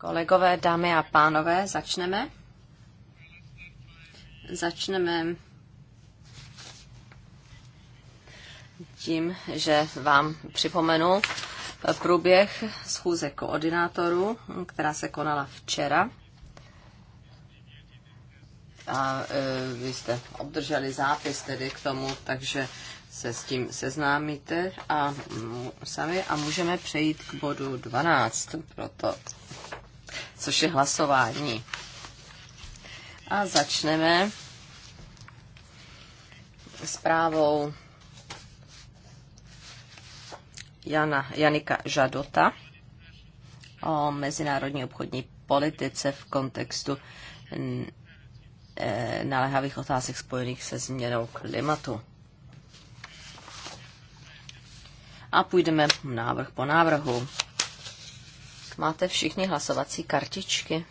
Kolegové, dámy a pánové, začneme. Začneme tím, že vám připomenu průběh schůze koordinátorů, která se konala včera. A e, vy jste obdrželi zápis tedy k tomu, takže se s tím seznámíte a sami a můžeme přejít k bodu 12, proto, což je hlasování. A začneme zprávou Jana, Janika Žadota o mezinárodní obchodní politice v kontextu e, naléhavých otázek spojených se změnou klimatu. a půjdeme návrh po návrhu. Máte všichni hlasovací kartičky?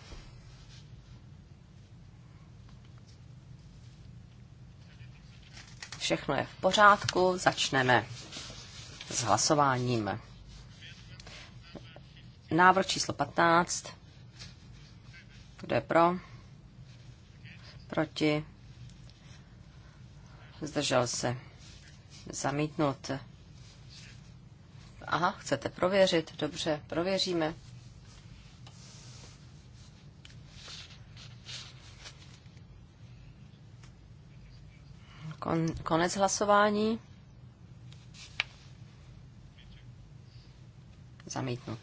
Všechno je v pořádku, začneme s hlasováním. Návrh číslo 15. Kdo je pro? Proti? Zdržel se. Zamítnout? Aha, chcete prověřit? Dobře, prověříme. Kon, konec hlasování. Zamítnut.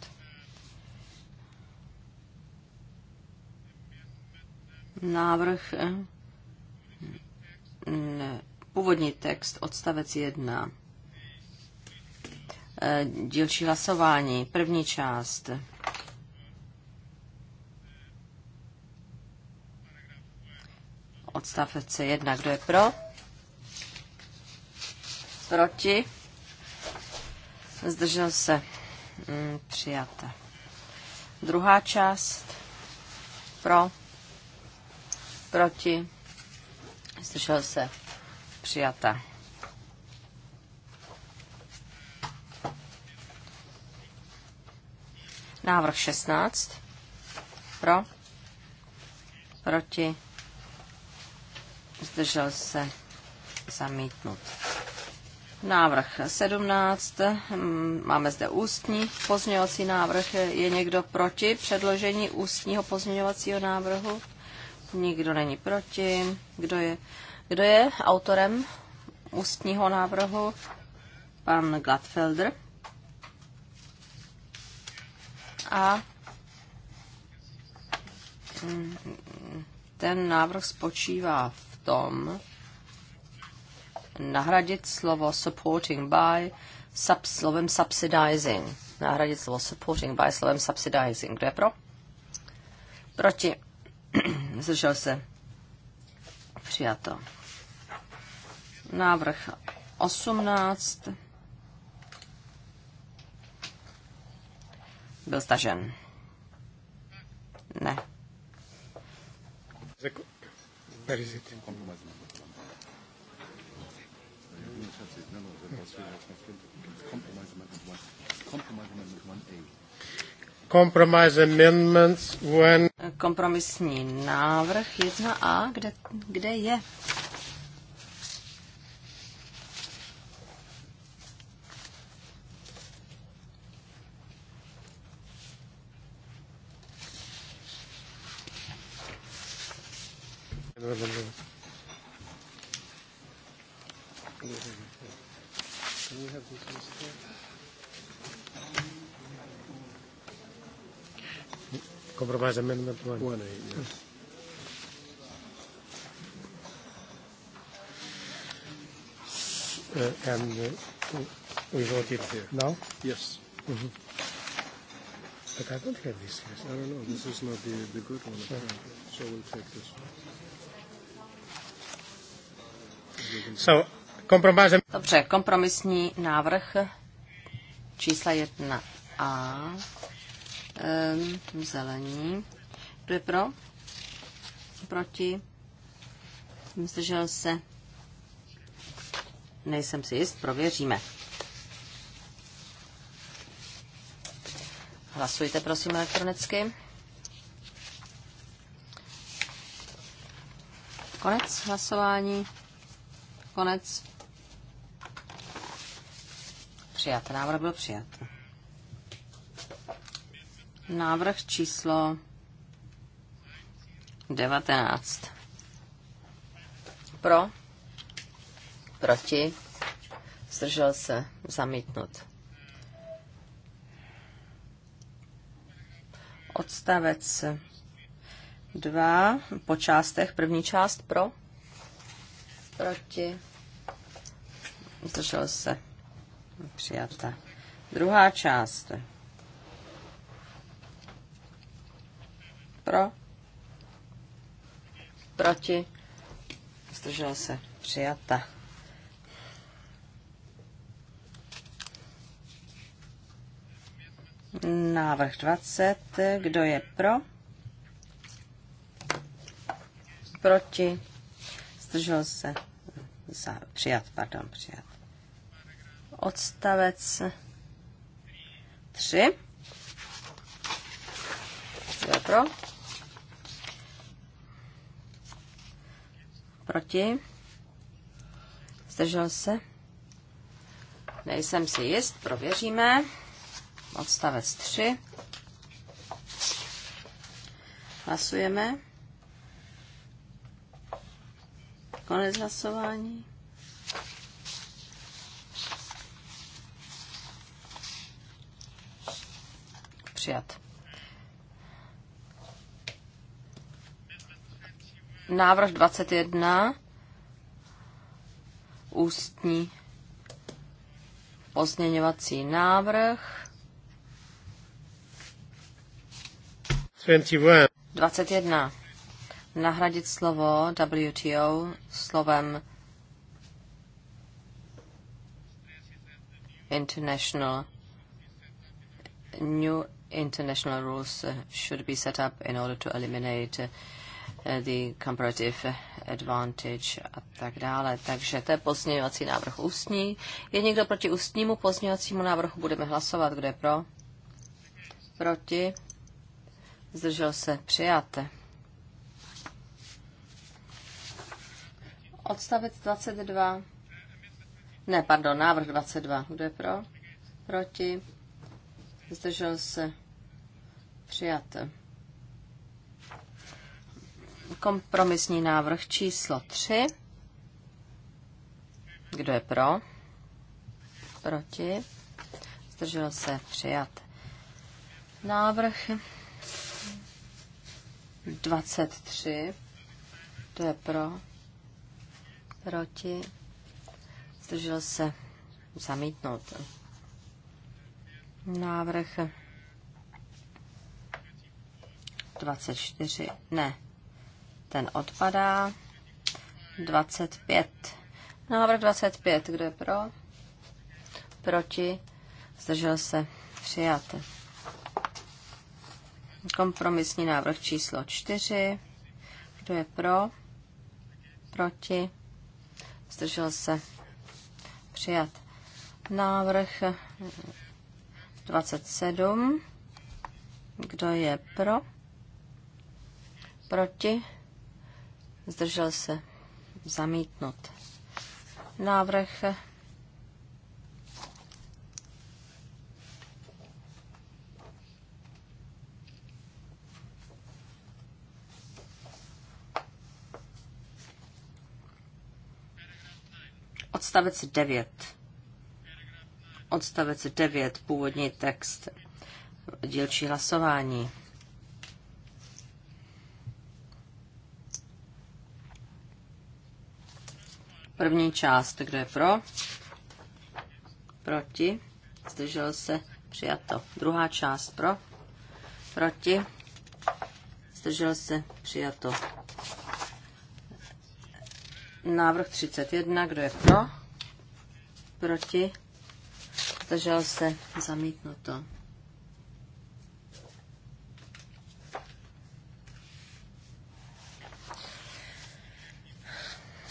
Návrh. Eh, ne, původní text, odstavec 1 Eh, dílčí hlasování. První část. Odstavec 1. Kdo je pro? Proti? Zdržel se. Mm, přijata. Druhá část. Pro? Proti? Zdržel se. Přijata. Návrh 16. Pro. Proti. Zdržel se. Zamítnut. Návrh 17. Máme zde ústní pozměňovací návrh. Je někdo proti předložení ústního pozměňovacího návrhu? Nikdo není proti. Kdo je, kdo je autorem ústního návrhu? Pan Gladfelder. A ten návrh spočívá v tom, nahradit slovo supporting by sub, slovem subsidizing. Nahradit slovo supporting by slovem subsidizing. Kdo je pro? Proti. Zdržel se. Přijato. Návrh 18 byl stažen. Ne. Compromise amendments when... Kompromisní návrh 1a, kde, kde je? has amendment one. One A, yes. Uh, and uh, we vote it here. now? Yes. Mm-hmm. But I don't have this list. I don't know. This is not the, the good one, So we'll take this one. So, compromise... Dobře, kompromisní návrh čísla 1a zelení. Kdo je pro? Proti? Zdržel se? Nejsem si jist, prověříme. Hlasujte prosím elektronicky. Konec hlasování. Konec. Přijat. Návrh byl přijat. Návrh číslo 19. Pro? Proti? Zdržel se? Zamítnut. Odstavec 2. Po částech. První část pro? Proti? Zdržel se? přijaté. Druhá část Pro? Proti? Zdržela se. Přijata. Návrh 20. Kdo je pro? Proti? Zdržel se. Za, přijat, pardon, přijat. Odstavec 3. Kdo je pro? Proti? Zdržel se? Nejsem si jist, prověříme. Odstavec 3. Hlasujeme. Konec hlasování. Přijat. návrh 21, ústní pozměňovací návrh. 21. Nahradit slovo WTO slovem International New international rules should be set up in order to eliminate Eh, the comparative advantage a tak dále. Takže to je pozměňovací návrh ústní. Je někdo proti ústnímu pozměňovacímu návrhu? Budeme hlasovat. Kdo je pro? Proti? Zdržel se? Přijate. Odstavec 22. Ne, pardon, návrh 22. Kdo je pro? Proti? Zdržel se? Přijate. Kompromisní návrh číslo 3. Kdo je pro? Proti? Zdržel se přijat. Návrh 23. Kdo je pro? Proti? Zdržel se zamítnout. Návrh 24. Ne ten odpadá. 25. Návrh 25, kdo je pro? Proti? Zdržel se? Přijat. Kompromisní návrh číslo 4. Kdo je pro? Proti? Zdržel se? Přijat. Návrh 27. Kdo je pro? Proti? zdržel se, zamítnut. Návrh Odstavec 9. Odstavec 9, původní text, dílčí hlasování. První část, kdo je pro? Proti? Zdržel se? Přijato. Druhá část pro? Proti? Zdržel se? Přijato. Návrh 31, kdo je pro? Proti? Zdržel se? Zamítnuto.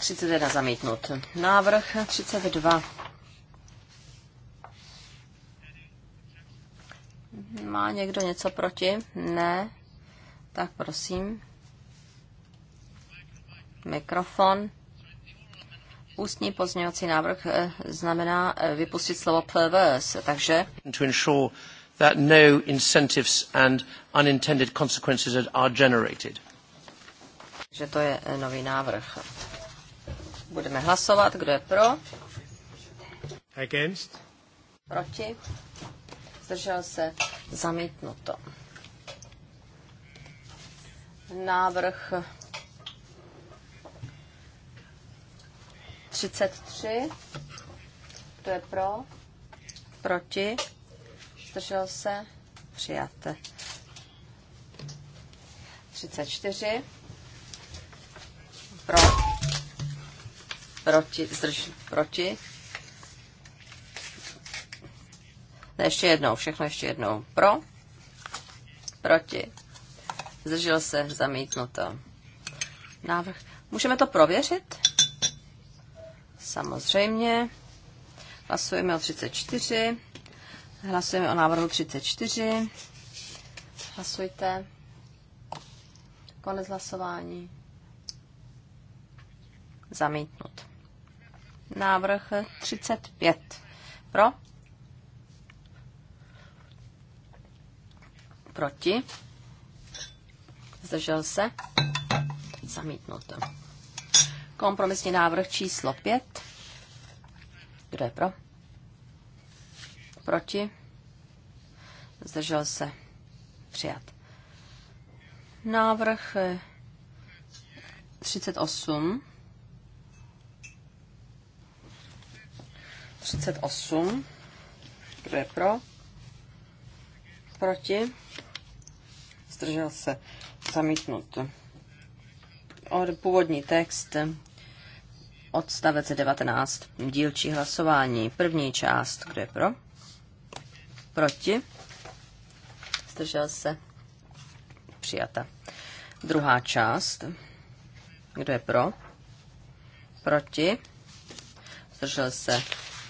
31 zamítnut. Návrh 32. Má někdo něco proti? Ne. Tak prosím. Mikrofon. Ústní pozměňovací návrh eh, znamená eh, vypustit slovo perverse, takže... To ensure that no incentives and unintended consequences are generated. Že to je eh, nový návrh. Budeme hlasovat, kdo je pro. Against. Proti. Zdržel se. Zamítnuto. Návrh 33. Kdo je pro? Proti? Zdržel se? Přijate. 34. proti, zdrž, proti. Ne, ještě jednou, všechno ještě jednou. Pro, proti, zdržel se, zamítnuto. Návrh. Můžeme to prověřit? Samozřejmě. Hlasujeme o 34. Hlasujeme o návrhu 34. Hlasujte. Konec hlasování. Zamítnut návrh 35. Pro? Proti? Zdržel se? Zamítnut. Kompromisní návrh číslo 5. Kdo je pro? Proti? Zdržel se? Přijat. Návrh 38 38. Kdo je pro? Proti? Zdržel se. Zamítnut. Od původní text odstavec 19. Dílčí hlasování. První část. Kdo je pro? Proti? Zdržel se. Přijata. Druhá část. Kdo je pro? Proti? Zdržel se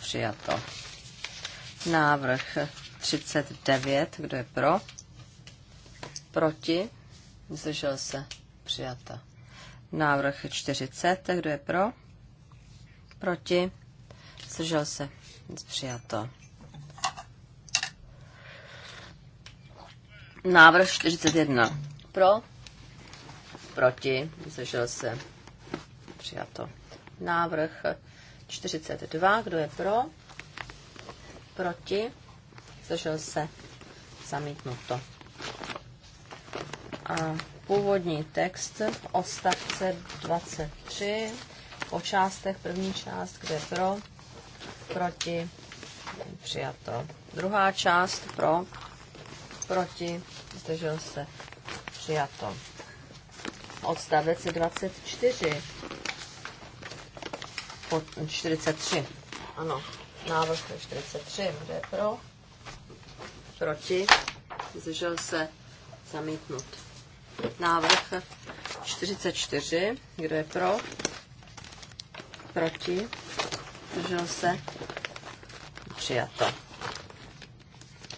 Přijato. Návrh 39. Kdo je pro? Proti? Zdržel se. Přijata. Návrh 40. Kdo je pro? Proti? Zdržel se. Přijato. Návrh 41. Pro? Proti? Zdržel se. Přijato. Návrh 42. Kdo je pro? Proti? Zdržel se? Zamítnuto. A původní text ostavce 23 po částech. První část, kde pro? Proti? Přijato. Druhá část pro? Proti? Zdržel se? Přijato. Odstavec 24 pod 43. Ano, návrh 43. Kdo je pro? Proti? Zdržel se zamítnut. Návrh 44. Kdo je pro? Proti? Zdržel se? Přijato.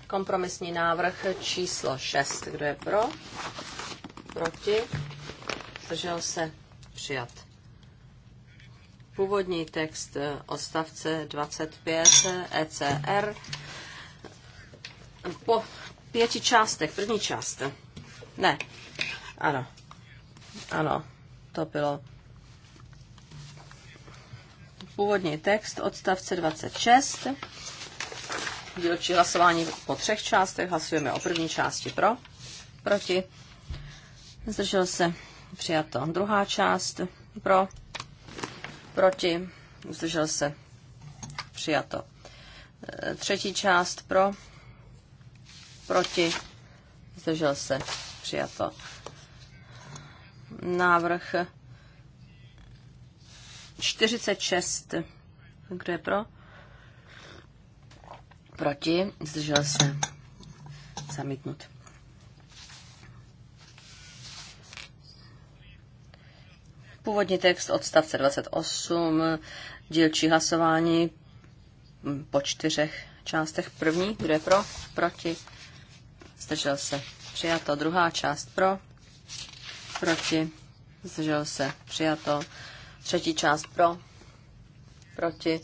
Kompromisní návrh číslo 6. Kdo je pro? Proti? Zdržel se? Přijat původní text eh, odstavce 25 ECR eh, e po pěti částech. První část. Ne. Ano. Ano. To bylo původní text odstavce 26. Dílčí hlasování po třech částech. Hlasujeme o první části pro, proti. Zdržel se přijato druhá část pro, proti, zdržel se, přijato. E, třetí část pro, proti, zdržel se, přijato. Návrh 46, kdo je pro? Proti, zdržel se, zamítnut. Původní text odstavce 28, dílčí hlasování po čtyřech částech. První, kdo je pro, proti, zdržel se, přijato. Druhá část pro, proti, zdržel se, přijato. Třetí část pro, proti,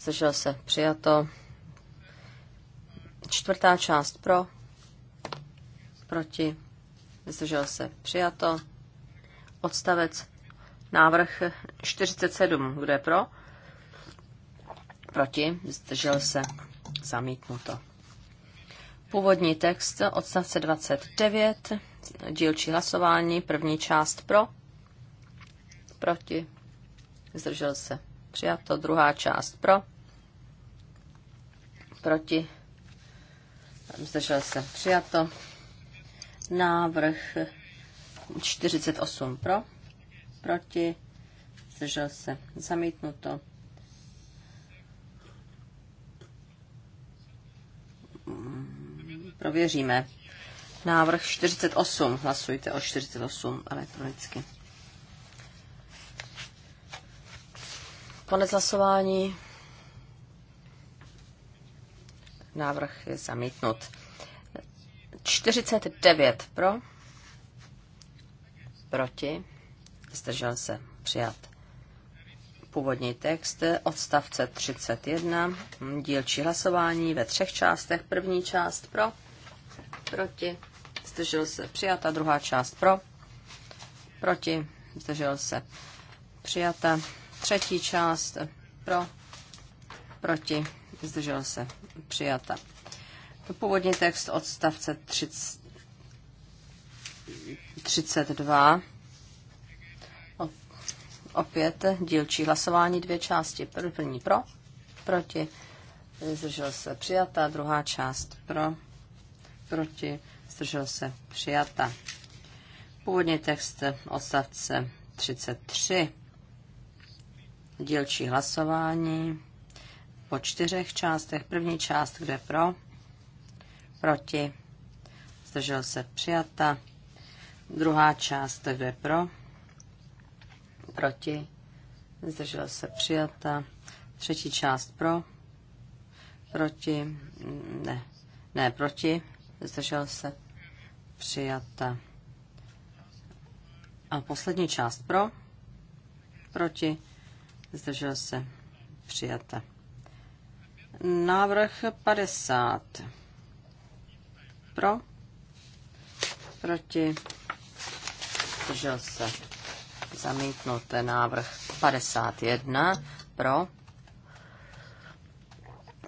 zdržel se, přijato. Čtvrtá část pro, proti, zdržel se, přijato. Odstavec Návrh 47. Kdo je pro? Proti? Zdržel se? Zamítnuto. Původní text odstavce 29. Dílčí hlasování. První část pro? Proti? Zdržel se? Přijato. Druhá část pro? Proti? Zdržel se? Přijato. Návrh 48 pro? proti, zdržel se, zamítnuto. Prověříme. Návrh 48. Hlasujte o 48 elektronicky. Konec hlasování. Návrh je zamítnut. 49 pro, proti zdržel se, přijat. Původní text odstavce 31, dílčí hlasování ve třech částech. První část pro, proti, zdržel se, přijata. Druhá část pro, proti, zdržel se, přijata. Třetí část pro, proti, zdržel se, přijata. Původní text odstavce 30, 32 Opět dílčí hlasování, dvě části. První pro, proti, zdržel se přijata, druhá část pro, proti, zdržel se přijata. Původní text odstavce 33. Dílčí hlasování po čtyřech částech. První část, kde pro, proti, zdržel se přijata. Druhá část, kde pro, proti, zdržel se přijata. Třetí část pro, proti, ne, ne proti, zdržel se přijata. A poslední část pro, proti, zdržel se přijata. Návrh 50. Pro, proti, zdržel se zamítnut návrh 51 pro,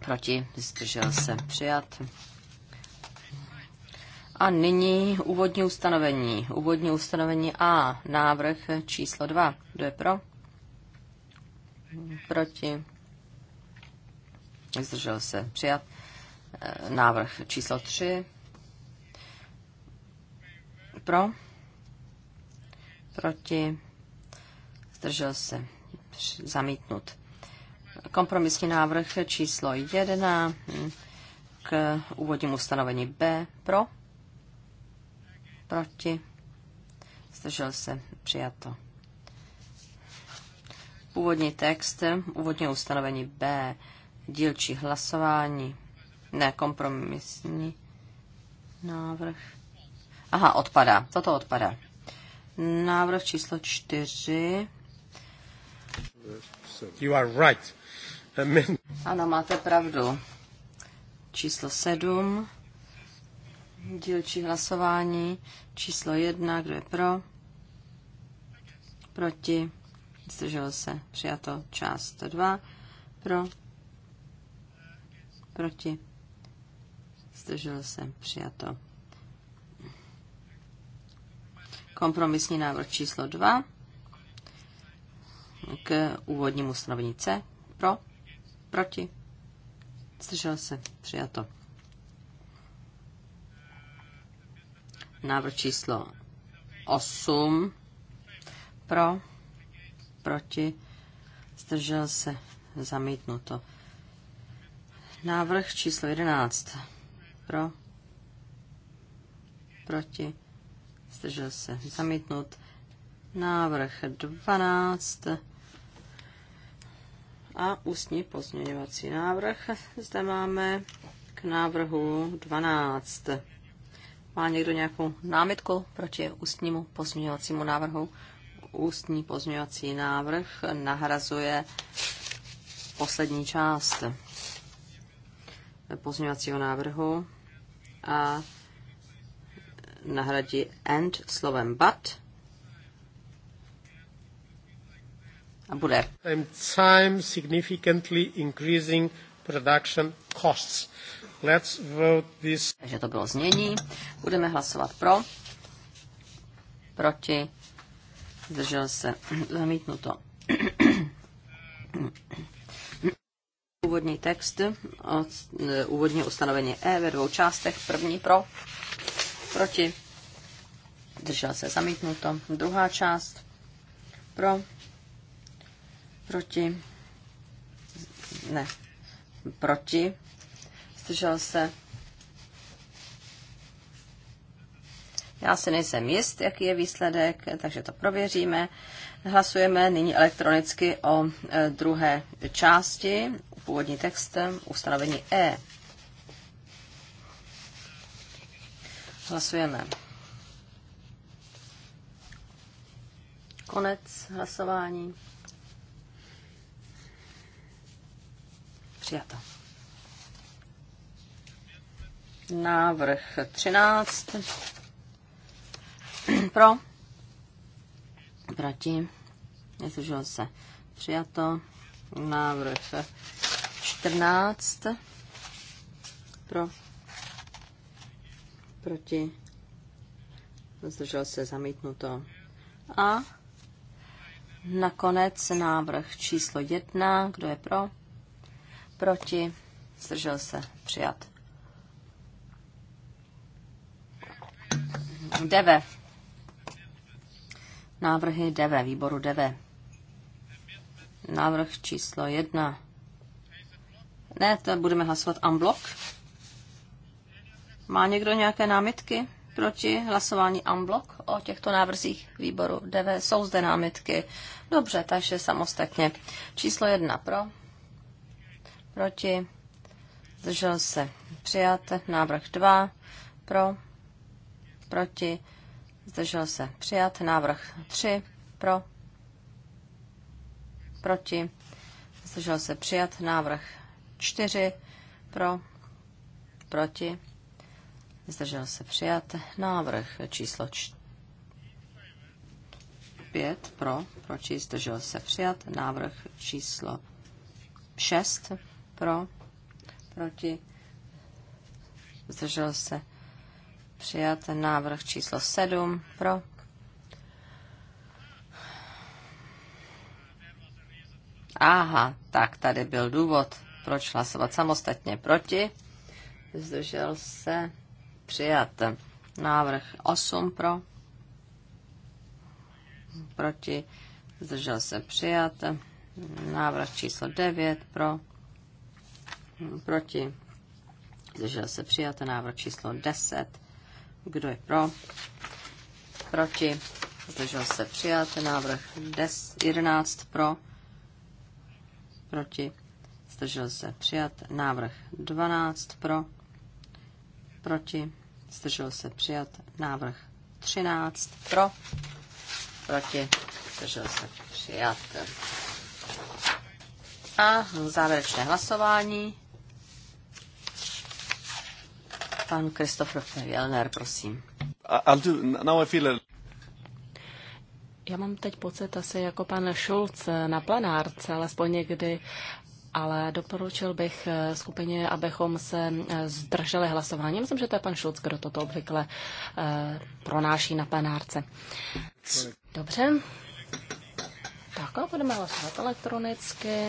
proti, zdržel se přijat. A nyní úvodní ustanovení. Úvodní ustanovení A, návrh číslo 2. Kdo je pro? Proti? Zdržel se přijat. E, návrh číslo 3. Pro? Proti? zdržel se, zamítnut. Kompromisní návrh číslo 1 k úvodnímu ustanovení B pro, proti, zdržel se, přijato. Původní text, úvodní ustanovení B, dílčí hlasování, ne kompromisní návrh. Aha, odpadá, toto odpadá. Návrh číslo 4, You are right. Ano, máte pravdu. Číslo sedm, dílčí hlasování. Číslo jedna, kdo je pro? Proti? Zdrželo se. Přijato část dva. Pro? Proti? Zdrželo se. Přijato. Kompromisní návrh číslo dva k úvodnímu stanovení C. Pro, proti, zdržel se, přijato. Návrh číslo 8. Pro, proti, zdržel se, zamítnuto. Návrh číslo 11. Pro, proti, zdržel se, zamítnut. Návrh 12 a ústní pozměňovací návrh. Zde máme k návrhu 12. Má někdo nějakou námitku proti ústnímu pozměňovacímu návrhu? Ústní pozměňovací návrh nahrazuje poslední část pozměňovacího návrhu a nahradí end slovem but bude. Time significantly increasing production costs. Let's vote this. Takže to bylo znění. Budeme hlasovat pro, proti, zdržel se, zamítnuto. Úvodní text, od, eh, úvodní ustanovení E ve dvou částech. První pro, proti, zdržel se, zamítnuto. Druhá část pro, proti, ne, proti, zdržel se. Já se nejsem jist, jaký je výsledek, takže to prověříme. Hlasujeme nyní elektronicky o e, druhé části, původní text, e, ustanovení E. Hlasujeme. Konec hlasování. Přijato. Návrh 13. Pro. Proti. Nezdržel se. Přijato. Návrh 14. Pro. Proti. Zdržel se zamítnuto. A nakonec návrh číslo 1. Kdo je pro? proti, zdržel se, přijat. Deve. Návrhy Deve, výboru Deve. Návrh číslo jedna. Ne, to budeme hlasovat unblock. Má někdo nějaké námitky proti hlasování unblock o těchto návrzích výboru DV? Jsou zde námitky. Dobře, takže samostatně. Číslo jedna pro proti, zdržel se přijat, návrh 2 pro, proti, zdržel se přijat, návrh 3 pro, proti, zdržel se přijat, návrh 4 pro, proti, zdržel se přijat, návrh číslo 5 pro, proti, zdržel se přijat, návrh číslo 6 pro, proti, zdržel se přijat návrh číslo 7 pro, Aha, tak tady byl důvod, proč hlasovat samostatně proti. Zdržel se přijat návrh 8 pro, proti, zdržel se přijat návrh číslo 9 pro, proti, zdržel se přijat, návrh číslo 10, kdo je pro, proti, zdržel se přijat, návrh 10, 11 pro, proti, zdržel se přijat, návrh 12 pro, proti, zdržel se přijat, návrh 13 pro, proti, zdržel se přijat. A závěrečné hlasování. Pan Kristofer Fjellner, prosím. I'll do, now I feel a... Já mám teď pocit asi jako pan Schulz na plenárce, alespoň někdy, ale doporučil bych eh, skupině, abychom se eh, zdrželi hlasování. Myslím, že to je pan Schulz, kdo toto obvykle eh, pronáší na plenárce. Dobře. Tak a budeme hlasovat elektronicky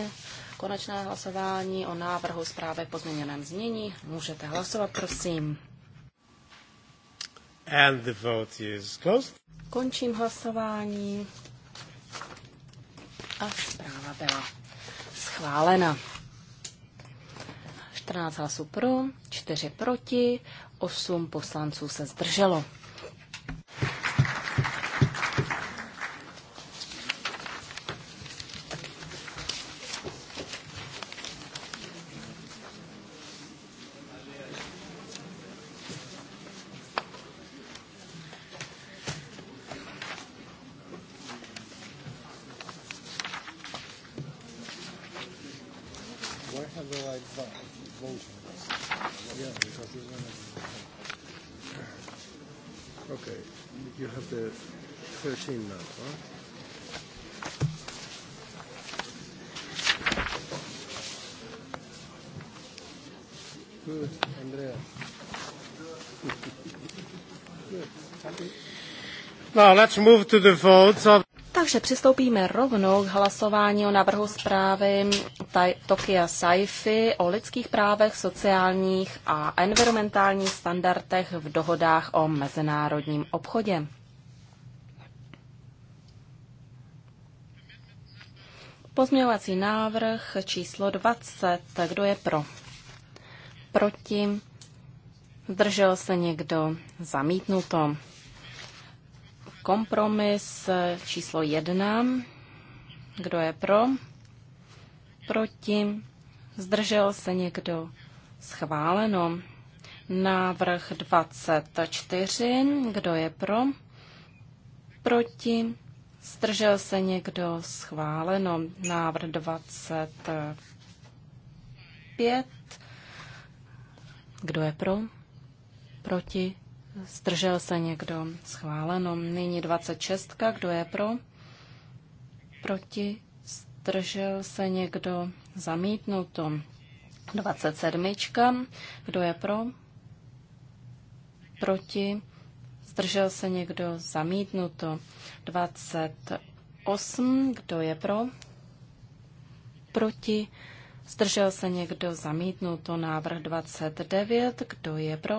konečné hlasování o návrhu zprávy v pozměněném znění. Můžete hlasovat, prosím. And the vote is closed. Končím hlasování. A zpráva byla schválena. 14 hlasů pro, 4 proti, 8 poslanců se zdrželo. let's move to the votes of... Takže přistoupíme rovnou k hlasování o návrhu zprávy Tokia Saifi o lidských právech, sociálních a environmentálních standardech v dohodách o mezinárodním obchodě. Pozměňovací návrh číslo 20. Kdo je pro? Proti? Zdržel se někdo? Zamítnuto. Kompromis číslo jedna. Kdo je pro? Proti? Zdržel se někdo? Schváleno. Návrh 24. Kdo je pro? Proti? Zdržel se někdo? Schváleno. Návrh 25. Kdo je pro? Proti? Zdržel se někdo? Schváleno. Nyní 26. Kdo je pro? Proti? Zdržel se někdo? Zamítnuto. 27. Kdo je pro? Proti? Zdržel se někdo? Zamítnuto. 28. Kdo je pro? Proti? Zdržel se někdo? Zamítnuto. Návrh 29. Kdo je pro?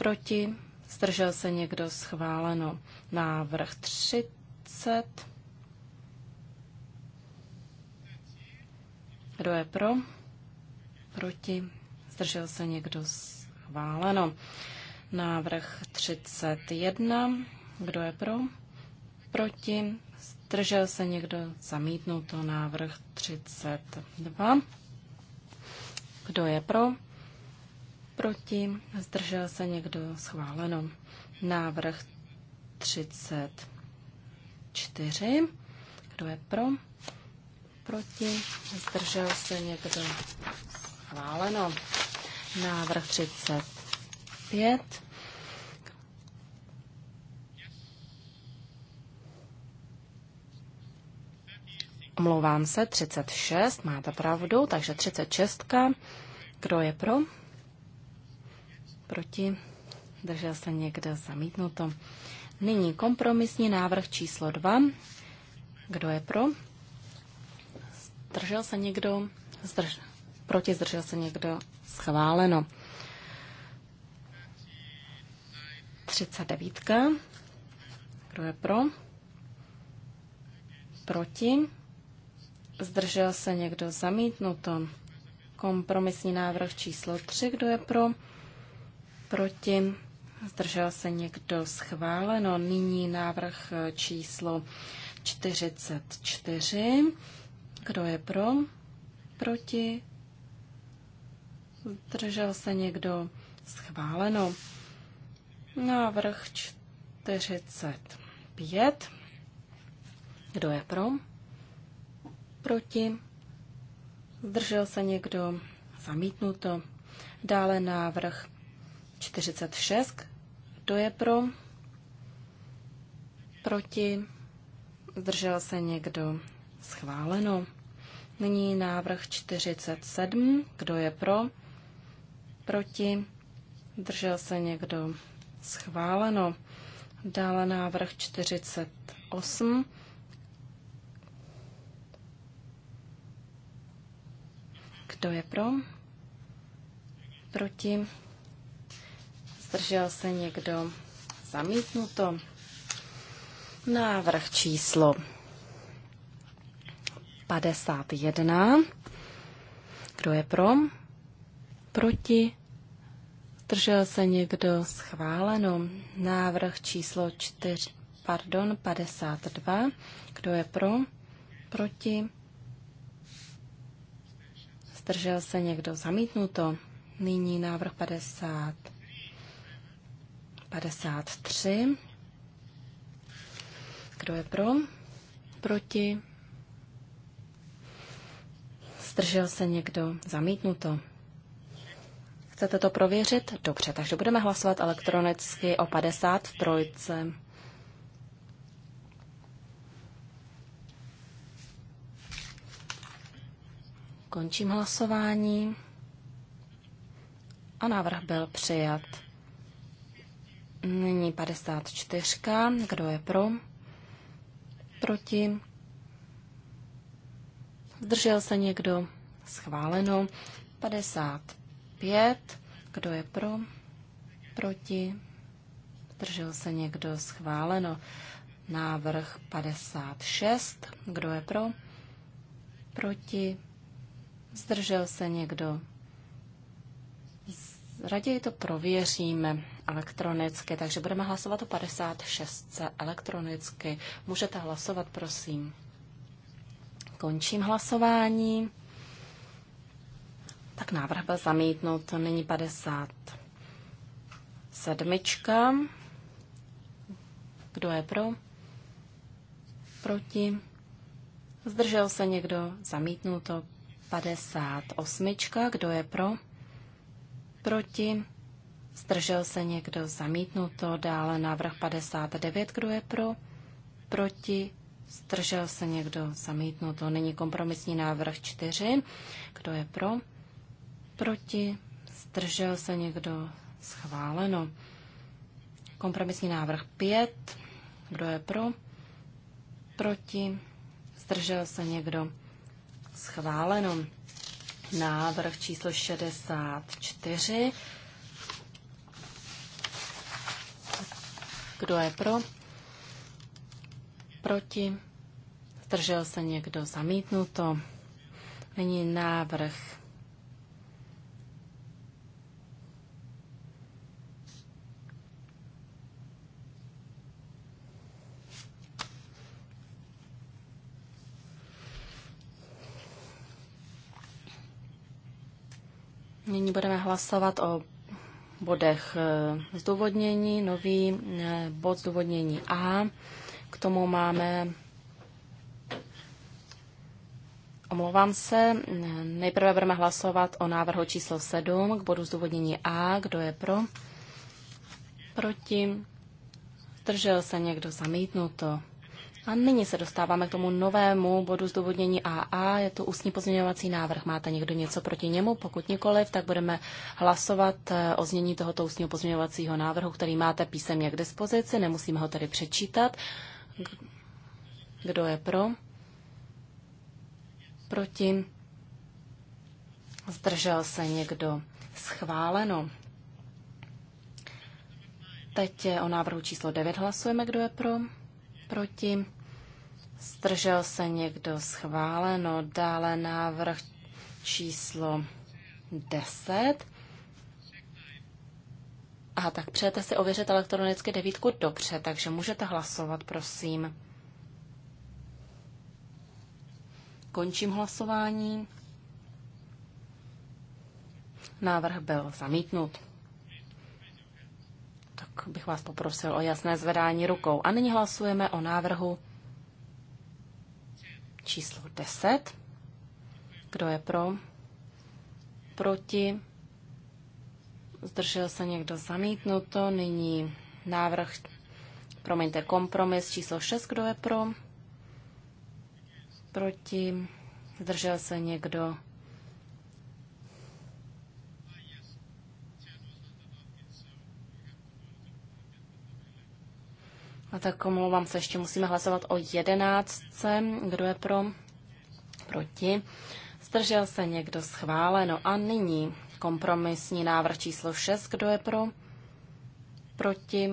Proti? Zdržel se někdo? Schváleno. Návrh 30. Kdo je pro? Proti? Zdržel se někdo? Schváleno. Návrh 31. Kdo je pro? Proti? Zdržel se někdo? Zamítnuto. Návrh 32. Kdo je pro? Proti? Zdržel se někdo? Schváleno. Návrh 34. Kdo je pro? Proti? Zdržel se někdo? Schváleno. Návrh 35. Omlouvám se, 36, máte pravdu, takže 36. Kdo je pro? proti, držel se někdo zamítnuto. Nyní kompromisní návrh číslo 2. Kdo je pro? Zdržel se někdo? Zdrž... Proti zdržel se někdo? Schváleno. 39. Kdo je pro? Proti? Zdržel se někdo? Zamítnuto. Kompromisní návrh číslo 3. Kdo je pro? proti, zdržel se někdo schváleno. Nyní návrh číslo 44. Kdo je pro? Proti? Zdržel se někdo? Schváleno. Návrh 45. Kdo je pro? Proti? Zdržel se někdo? Zamítnuto. Dále návrh 46. Kdo je pro? Proti? Zdržel se někdo? Schváleno. Nyní návrh 47. Kdo je pro? Proti? Zdržel se někdo? Schváleno. Dále návrh 48. Kdo je pro? Proti? Zdržel se někdo? Zamítnuto. Návrh číslo 51. Kdo je pro? Proti? Zdržel se někdo? Schváleno. Návrh číslo 4. Pardon, 52. Kdo je pro? Proti? Zdržel se někdo? Zamítnuto. Nyní návrh 50. 53. Kdo je pro? Proti? Zdržel se někdo? Zamítnuto. Chcete to prověřit? Dobře, takže budeme hlasovat elektronicky o 53. Končím hlasování. A návrh byl přijat. Nyní 54. Kdo je pro? Proti? Zdržel se někdo? Schváleno. 55. Kdo je pro? Proti? Zdržel se někdo? Schváleno. Návrh 56. Kdo je pro? Proti? Zdržel se někdo? Raději to prověříme elektronicky, takže budeme hlasovat o 56 elektronicky. Můžete hlasovat, prosím. Končím hlasování. Tak návrh byl zamítnut, nyní 57. Kdo je pro? Proti? Zdržel se někdo? Zamítnuto 58. Kdo je pro? Proti? Zdržel se někdo zamítnuto, dále návrh 59, kdo je pro, proti, zdržel se někdo zamítnuto. není kompromisní návrh 4, kdo je pro, proti, zdržel se někdo schváleno. Kompromisní návrh 5, kdo je pro, proti, zdržel se někdo schváleno. Návrh číslo 64, Kdo je pro? Proti? Zdržel se někdo? Zamítnuto. Není návrh. Nyní budeme hlasovat o bodech eh, zdůvodnění, nový eh, bod zdůvodnění A. K tomu máme Omlouvám se. Nejprve budeme hlasovat o návrhu číslo 7 k bodu zdůvodnění A. Kdo je pro? Proti? Držel se někdo zamítnuto? A nyní se dostáváme k tomu novému bodu zdůvodnění AA. Je to ústní pozměňovací návrh. Máte někdo něco proti němu? Pokud nikoliv, tak budeme hlasovat eh, o znění tohoto ústního pozměňovacího návrhu, který máte písemně k dispozici. Nemusíme ho tedy přečítat. Kdo je pro? Proti? Zdržel se někdo? Schváleno. Teď o návrhu číslo 9 hlasujeme, kdo je pro, proti, Zdržel se někdo schváleno. Dále návrh číslo 10. Aha, tak přejete si ověřit elektronicky devítku? Dobře, takže můžete hlasovat, prosím. Končím hlasování. Návrh byl zamítnut. Tak bych vás poprosil o jasné zvedání rukou. A nyní hlasujeme o návrhu číslo 10. Kdo je pro? Proti? Zdržel se někdo zamítnuto? Nyní návrh, promiňte, kompromis číslo 6. Kdo je pro? Proti? Zdržel se někdo Tak omlouvám se, ještě musíme hlasovat o jedenáctce. Kdo je pro? Proti. Zdržel se někdo schváleno. A nyní kompromisní návrh číslo 6. Kdo je pro? Proti.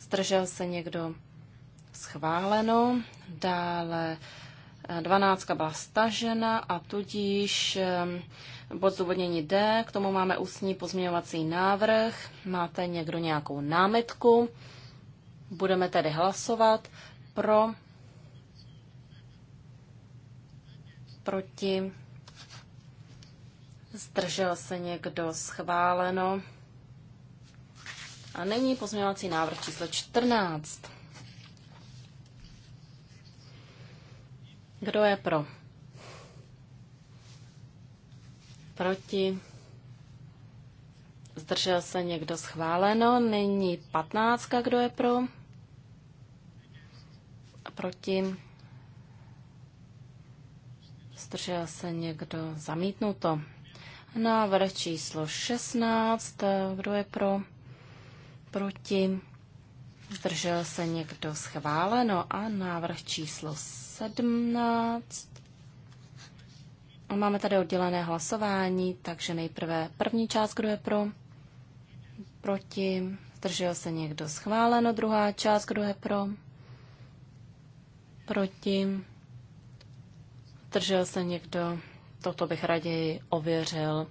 Zdržel se někdo schváleno. Dále eh, dvanáctka byla stažena a tudíž eh, bod zúvodnění D. K tomu máme ústní pozměňovací návrh. Máte někdo nějakou námitku? Budeme tedy hlasovat pro, proti, zdržel se někdo schváleno. A není pozměňovací návrh číslo 14. Kdo je pro? Proti? Zdržel se někdo schváleno. Není 15. Kdo je pro? Proti? Zdržel se někdo zamítnuto. Návrh číslo 16. Kdo je pro? Proti? Zdržel se někdo schváleno. A návrh číslo 17. Máme tady oddělené hlasování, takže nejprve první část, kdo je pro? proti, zdržel se někdo schváleno, druhá část, kdo je pro, proti, zdržel se někdo, toto bych raději ověřil.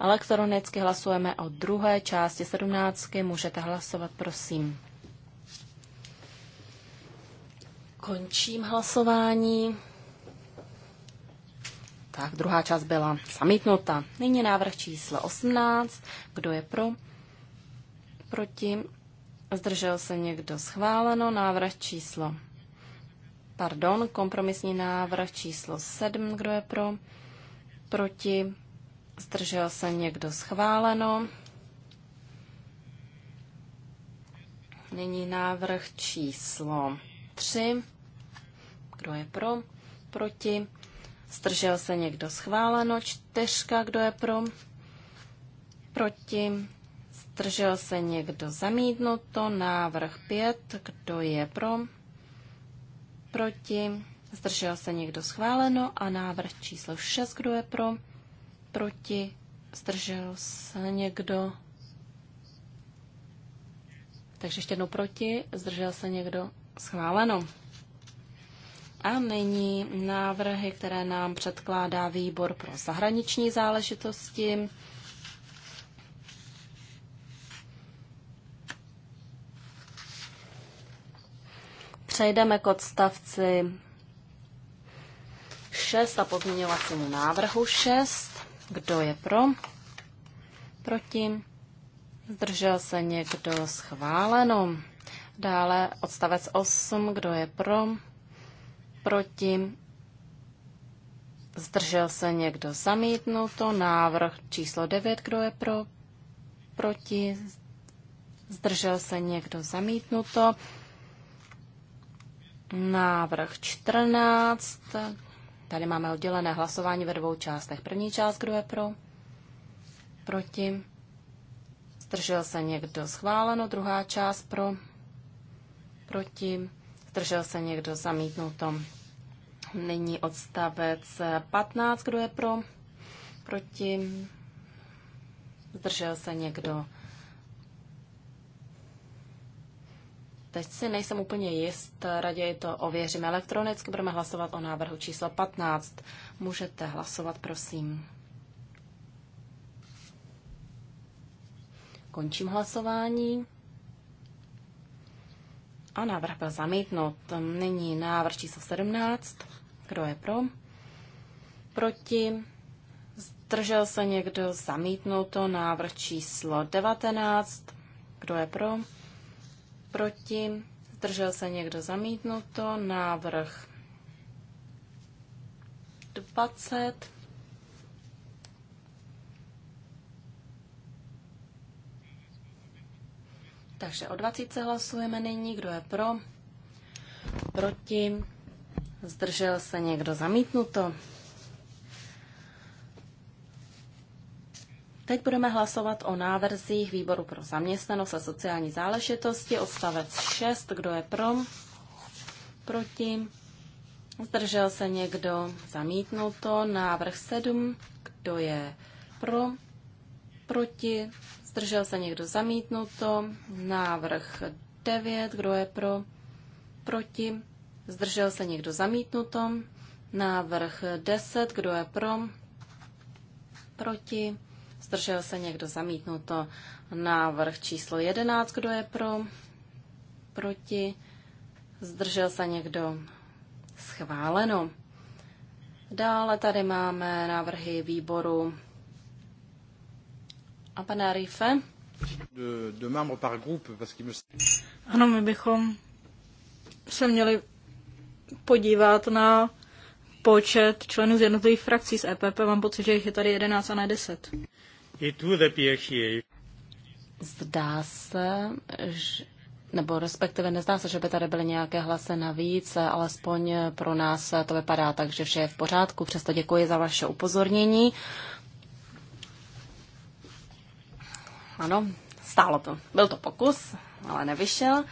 Elektronicky hlasujeme o druhé části sedmnáctky, můžete hlasovat, prosím. Končím hlasování. Tak, druhá část byla zamítnuta. Nyní návrh číslo 18. Kdo je pro? proti, zdržel se někdo schváleno, návrh číslo, pardon, kompromisní návrh číslo 7, kdo je pro, proti, zdržel se někdo schváleno. Nyní návrh číslo 3. Kdo je pro? Proti? Zdržel se někdo schváleno? Čtyřka, kdo je pro? Proti? Zdržel se někdo zamítnuto? Návrh 5. Kdo je pro? Proti? Zdržel se někdo schváleno? A návrh číslo 6. Kdo je pro? Proti? Zdržel se někdo? Takže ještě jednou proti? Zdržel se někdo? Schváleno. A nyní návrhy, které nám předkládá výbor pro zahraniční záležitosti. přejdeme k odstavci 6 a pozměňovacímu návrhu 6. Kdo je pro? Proti? Zdržel se někdo schváleno. Dále odstavec 8. Kdo je pro? Proti? Zdržel se někdo zamítnuto. Návrh číslo 9. Kdo je pro? Proti? Zdržel se někdo zamítnuto. Návrh 14. Tady máme oddělené hlasování ve dvou částech. První část, kdo je pro? Proti? Zdržel se někdo schváleno. Druhá část pro? Proti? Zdržel se někdo zamítnuto. Nyní odstavec 15. Kdo je pro? Proti? Zdržel se někdo Teď si nejsem úplně jist, raději to ověřím elektronicky, budeme hlasovat o návrhu číslo 15. Můžete hlasovat, prosím. Končím hlasování. A návrh byl zamítnut. Nyní návrh číslo 17. Kdo je pro? Proti? Zdržel se někdo? zamítnout to Návrh číslo 19. Kdo je pro? proti, zdržel se někdo zamítnuto, návrh 20. Takže o 20 se hlasujeme nyní, kdo je pro, proti, zdržel se někdo zamítnuto. Teď budeme hlasovat o návrzích výboru pro zaměstnanost a sociální záležitosti, odstavec 6, kdo je pro, proti, zdržel se někdo, zamítnuto, návrh 7, kdo je pro, proti, zdržel se někdo, zamítnuto, návrh 9, kdo je pro, proti, zdržel se někdo, zamítnuto, návrh 10, kdo je pro, proti, Zdržel se někdo zamítnuto. Návrh číslo 11. Kdo je pro? Proti? Zdržel se někdo? Schváleno. Dále tady máme návrhy výboru a pana Rife. Ano, my bychom se měli podívat na počet členů z jednotlivých frakcí z EPP. Mám pocit, že jich je tady 11 a ne 10. Zdá se, že nebo respektive nezdá se, že by tady byly nějaké hlasy navíc, alespoň pro nás to vypadá tak, že vše je v pořádku. Přesto děkuji za vaše upozornění. Ano, stálo to. Byl to pokus, ale nevyšel.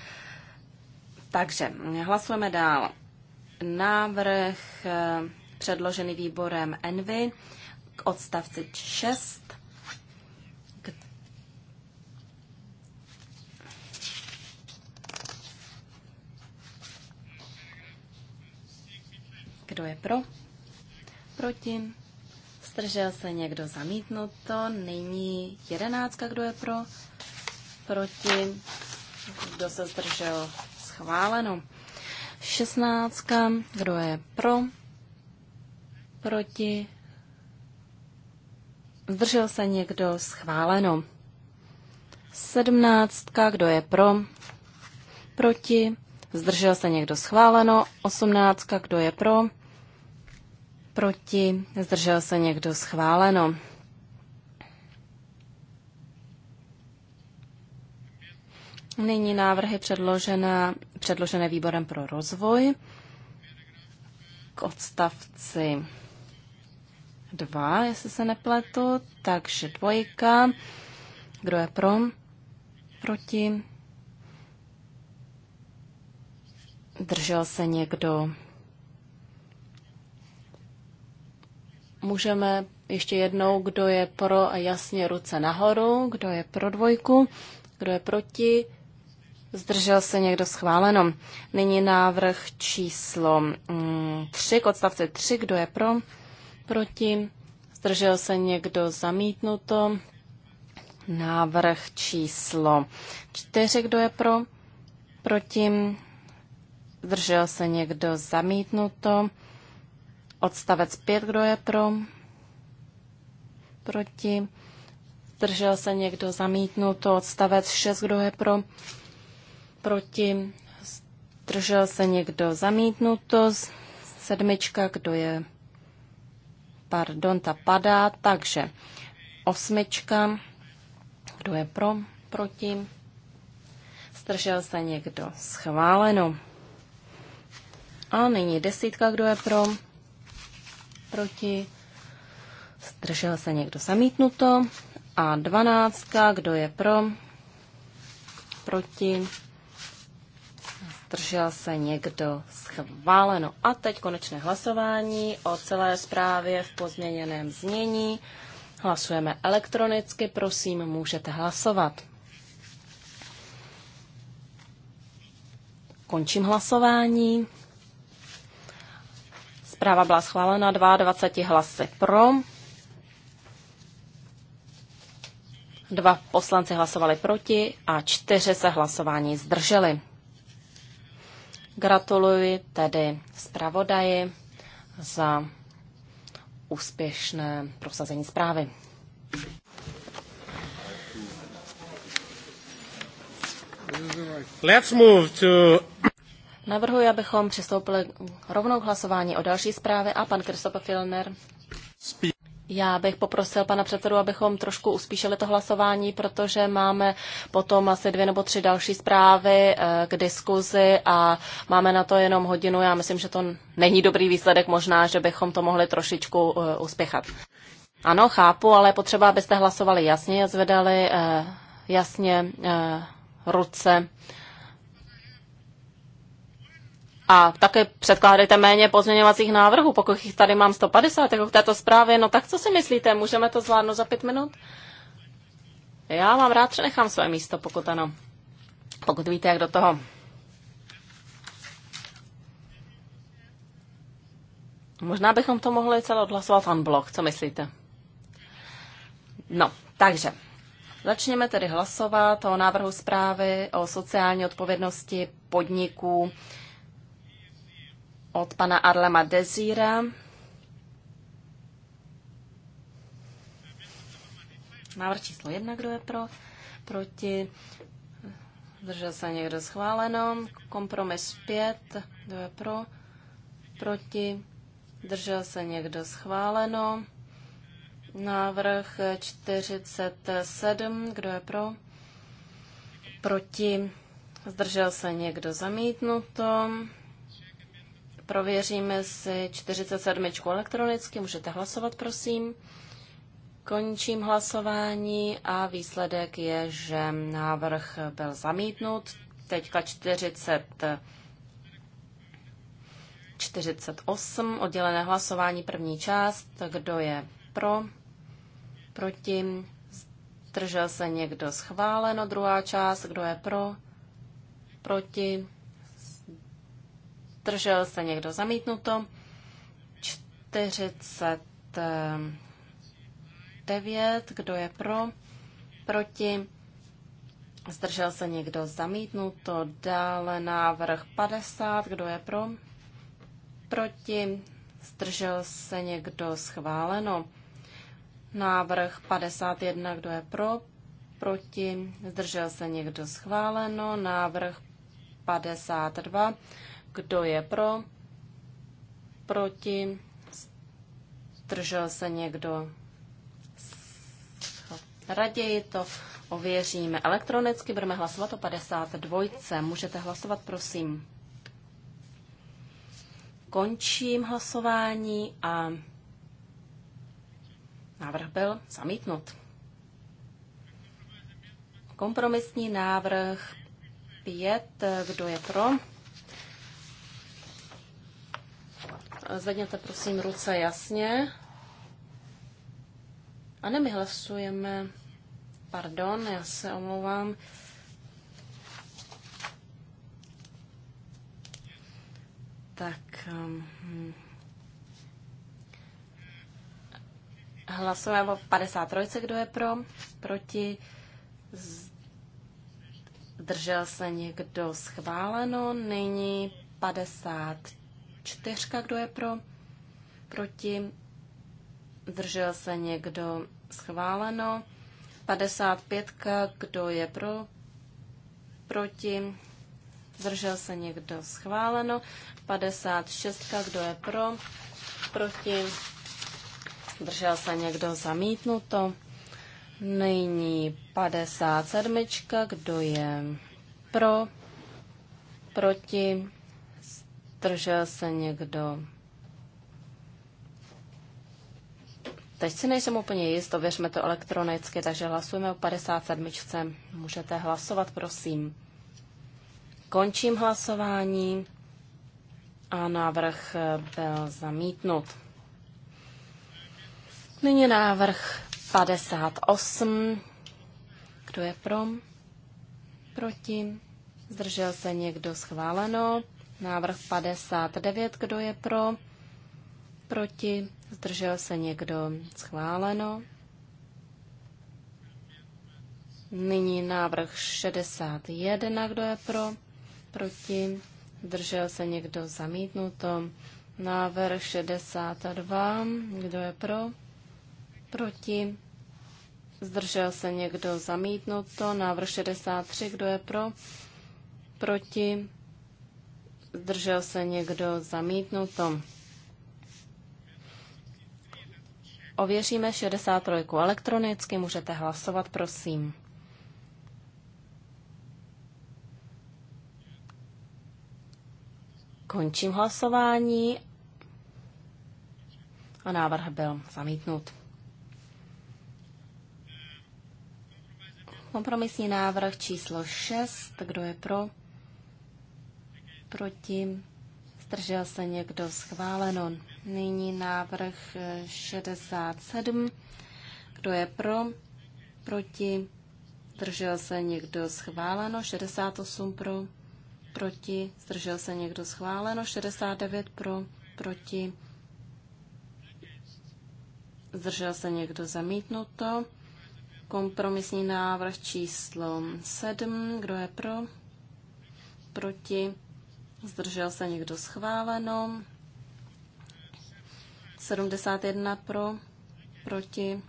Takže hlasujeme dál. Návrh eh, předložený výborem Envy k odstavci 6. Kdo je pro? Proti? Zdržel se někdo zamítnuto? Není jedenáctka. Kdo je pro? Proti? Kdo se zdržel? Schváleno. Šestnáctka. Kdo je pro? Proti? Zdržel se někdo? Schváleno. Sedmnáctka. Kdo je pro? Proti? Zdržel se někdo? Schváleno. Osmnáctka. Kdo je pro? Proti? Zdržel se někdo? Schváleno. Nyní návrhy předložené, předložené výborem pro rozvoj k odstavci 2, jestli se nepletu. Takže dvojka. Kdo je pro? Proti? Držel se někdo? můžeme ještě jednou, kdo je pro a jasně ruce nahoru, kdo je pro dvojku, kdo je proti, zdržel se někdo schváleno. Nyní návrh číslo 3 mm, k odstavce 3, kdo je pro, proti, zdržel se někdo zamítnuto. Návrh číslo 4, kdo je pro, proti, zdržel se někdo zamítnuto. Odstavec 5, kdo je pro? Proti? Zdržel se někdo zamítnuto? Odstavec 6, kdo je pro? Proti? Zdržel se někdo zamítnuto? Sedmička, kdo je? Pardon, ta padá. Takže osmička, kdo je pro? Proti? Zdržel se někdo? Schváleno. A nyní desítka, kdo je pro? proti, zdržel se někdo zamítnuto. A dvanáctka, kdo je pro, proti, zdržel se někdo schváleno. A teď konečné hlasování o celé zprávě v pozměněném znění. Hlasujeme elektronicky, prosím, můžete hlasovat. Končím hlasování. Zpráva byla schválena 22 hlasy pro. Dva poslanci hlasovali proti a čtyři se hlasování zdrželi. Gratuluji tedy zpravodaji za úspěšné prosazení zprávy. Let's move to Navrhuji, abychom přistoupili rovnou k hlasování o další zprávě a pan Kristof Filner. Já bych poprosil pana předsedu, abychom trošku uspíšili to hlasování, protože máme potom asi dvě nebo tři další zprávy eh, k diskuzi a máme na to jenom hodinu. Já myslím, že to není dobrý výsledek, možná, že bychom to mohli trošičku eh, uspěchat. Ano, chápu, ale je potřeba, abyste hlasovali jasně, zvedali eh, jasně ruce. A také předkládejte méně pozměňovacích návrhů, pokud jich tady mám 150, jako v této zprávě. No tak co si myslíte, můžeme to zvládnout za pět minut? Já vám rád přenechám své místo, pokud ano. Pokud víte, jak do toho. Možná bychom to mohli celé odhlasovat blog. co myslíte? No, takže začněme tedy hlasovat o návrhu zprávy o sociální odpovědnosti podniků od pana Arlema Dezíra. Návrh číslo jedna, kdo je pro, proti, zdržel se někdo schváleno. Kompromis pět, kdo je pro, proti, zdržel se někdo schváleno. Návrh 47, kdo je pro, proti, zdržel se někdo zamítnuto. Prověříme si 47 elektronicky. Můžete hlasovat, prosím. Končím hlasování a výsledek je, že návrh byl zamítnut. Teďka 40, 48, oddělené hlasování, první část. Kdo je pro? Proti? Zdržel se někdo schváleno? Druhá část. Kdo je pro? Proti? zdržel se někdo zamítnuto, 49, kdo je pro, proti, zdržel se někdo zamítnuto, dále návrh 50, kdo je pro, proti, zdržel se někdo schváleno. Návrh 51, kdo je pro, proti, zdržel se někdo schváleno. Návrh 52, kdo je pro? Proti? Držel se někdo? Raději to ověříme elektronicky. Budeme hlasovat o 52. Můžete hlasovat, prosím. Končím hlasování a návrh byl zamítnut. Kompromisní návrh 5. Kdo je pro? Zvedněte prosím ruce jasně. A ne, my hlasujeme. Pardon, já se omlouvám. Tak. Um, hm. hlasujeme o 53, kdo je pro, proti. Držel se někdo schváleno, nyní 50 Čtyřka, kdo je pro? Proti? Zdržel se někdo? Schváleno. 55, kdo je pro? Proti? Zdržel se někdo? Schváleno. 56, kdo je pro? Proti? Zdržel se někdo? Zamítnuto. Nyní 57, kdo je pro? Proti? Zdržel se někdo? Teď si nejsem úplně jist, ověřme to elektronicky, takže hlasujeme o 57. Můžete hlasovat, prosím. Končím hlasování a návrh byl zamítnut. Nyní návrh 58. Kdo je pro? Proti? Zdržel se někdo schváleno? Návrh 59. Kdo je pro? Proti? Zdržel se někdo? Schváleno. Nyní návrh 61. Kdo je pro? Proti? Zdržel se někdo? Zamítnuto. Návrh 62. Kdo je pro? Proti? Zdržel se někdo? Zamítnuto. Návrh 63. Kdo je pro? Proti? Zdržel se někdo zamítnuto? Ověříme 63 elektronicky, můžete hlasovat, prosím. Končím hlasování a návrh byl zamítnut. Kompromisní návrh číslo 6, kdo je pro? proti, zdržel se někdo schváleno. Nyní návrh 67, kdo je pro, proti, zdržel se někdo schváleno, 68 pro, proti, zdržel se někdo schváleno, 69 pro, proti, zdržel se někdo zamítnuto. Kompromisní návrh číslo 7, kdo je pro, proti, Zdržel se někdo schváleno. 71 pro, proti.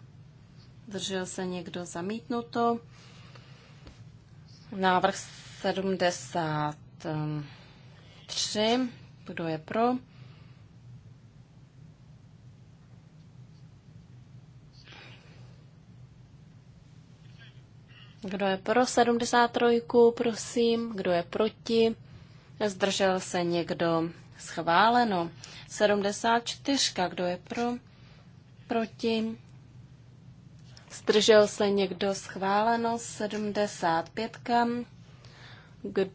Zdržel se někdo zamítnuto. Návrh 73. Kdo je pro? Kdo je pro 73, prosím? Kdo je proti? Zdržel se někdo? Schváleno. 74. Kdo je pro? Proti? Zdržel se někdo? Schváleno. 75. Kdo?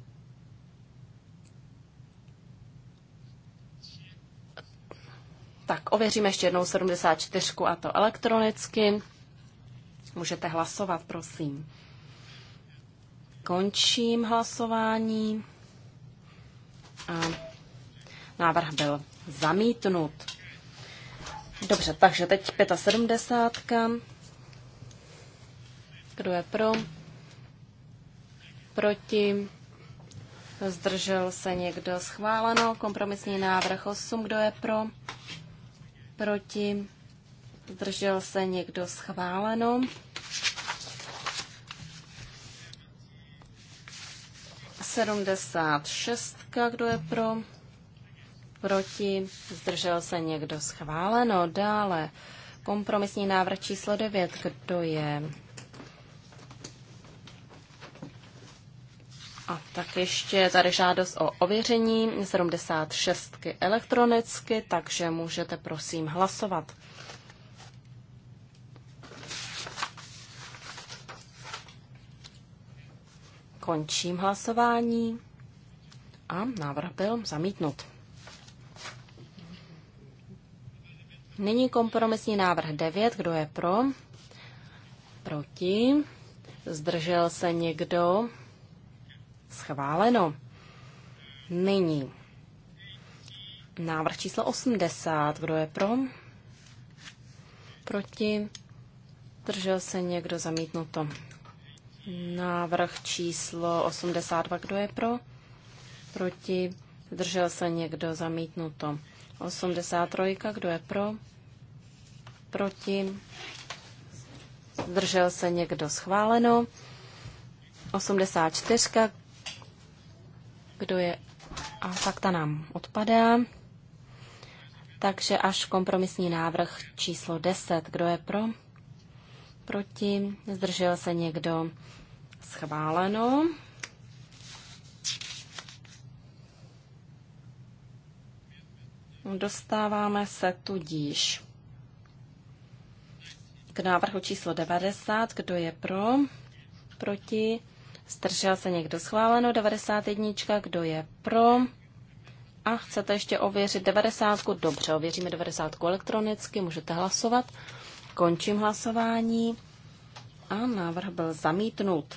Tak, ověříme ještě jednou 74 a to elektronicky. Můžete hlasovat, prosím. Končím hlasování. Návrh byl zamítnut. Dobře, takže teď 75. Kdo je pro? Proti? Zdržel se někdo schváleno. Kompromisní návrh 8. Kdo je pro? Proti? Zdržel se někdo schváleno. 76. Kdo je pro? Proti? Zdržel se někdo? Schváleno. Dále kompromisní návrh číslo 9. Kdo je? A tak ještě tady žádost o ověření 76 elektronicky, takže můžete prosím hlasovat. Končím hlasování a návrh byl zamítnut. Nyní kompromisní návrh 9. Kdo je pro? Proti? Zdržel se někdo? Schváleno. Nyní návrh číslo 80. Kdo je pro? Proti? Zdržel se někdo? Zamítnuto. Návrh číslo 82. Kdo je pro? Proti? Zdržel se někdo? Zamítnuto. 83. Kdo je pro? Proti? Zdržel se někdo? Schváleno. 84. Kdo je? A tak ta nám odpadá. Takže až kompromisní návrh číslo 10. Kdo je pro? proti, zdržel se někdo schváleno. Dostáváme se tudíž k návrhu číslo 90. Kdo je pro? Proti? Zdržel se někdo schváleno? 91. Kdo je pro? A chcete ještě ověřit 90? Dobře, ověříme 90 elektronicky, můžete hlasovat. Končím hlasování a návrh byl zamítnut.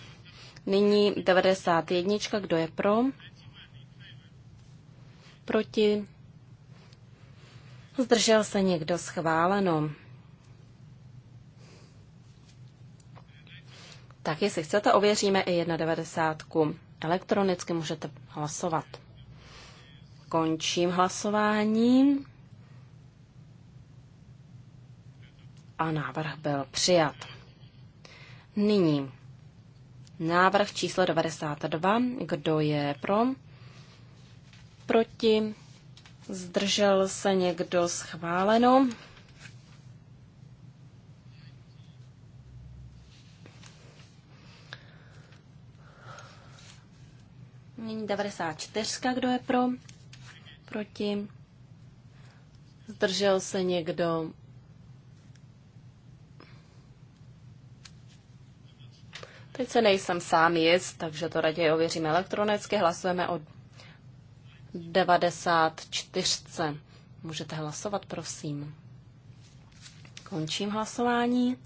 Nyní 91. Kdo je pro? Proti? Zdržel se někdo schváleno. Tak jestli chcete, ověříme i 91. Elektronicky můžete hlasovat. Končím hlasování. a návrh byl přijat. Nyní návrh číslo 92. Kdo je pro? Proti? Zdržel se někdo schváleno? Nyní 94. Kdo je pro? Proti? Zdržel se někdo? Teď se nejsem sám jist, takže to raději ověříme elektronicky. Hlasujeme o 94. Můžete hlasovat, prosím. Končím hlasování.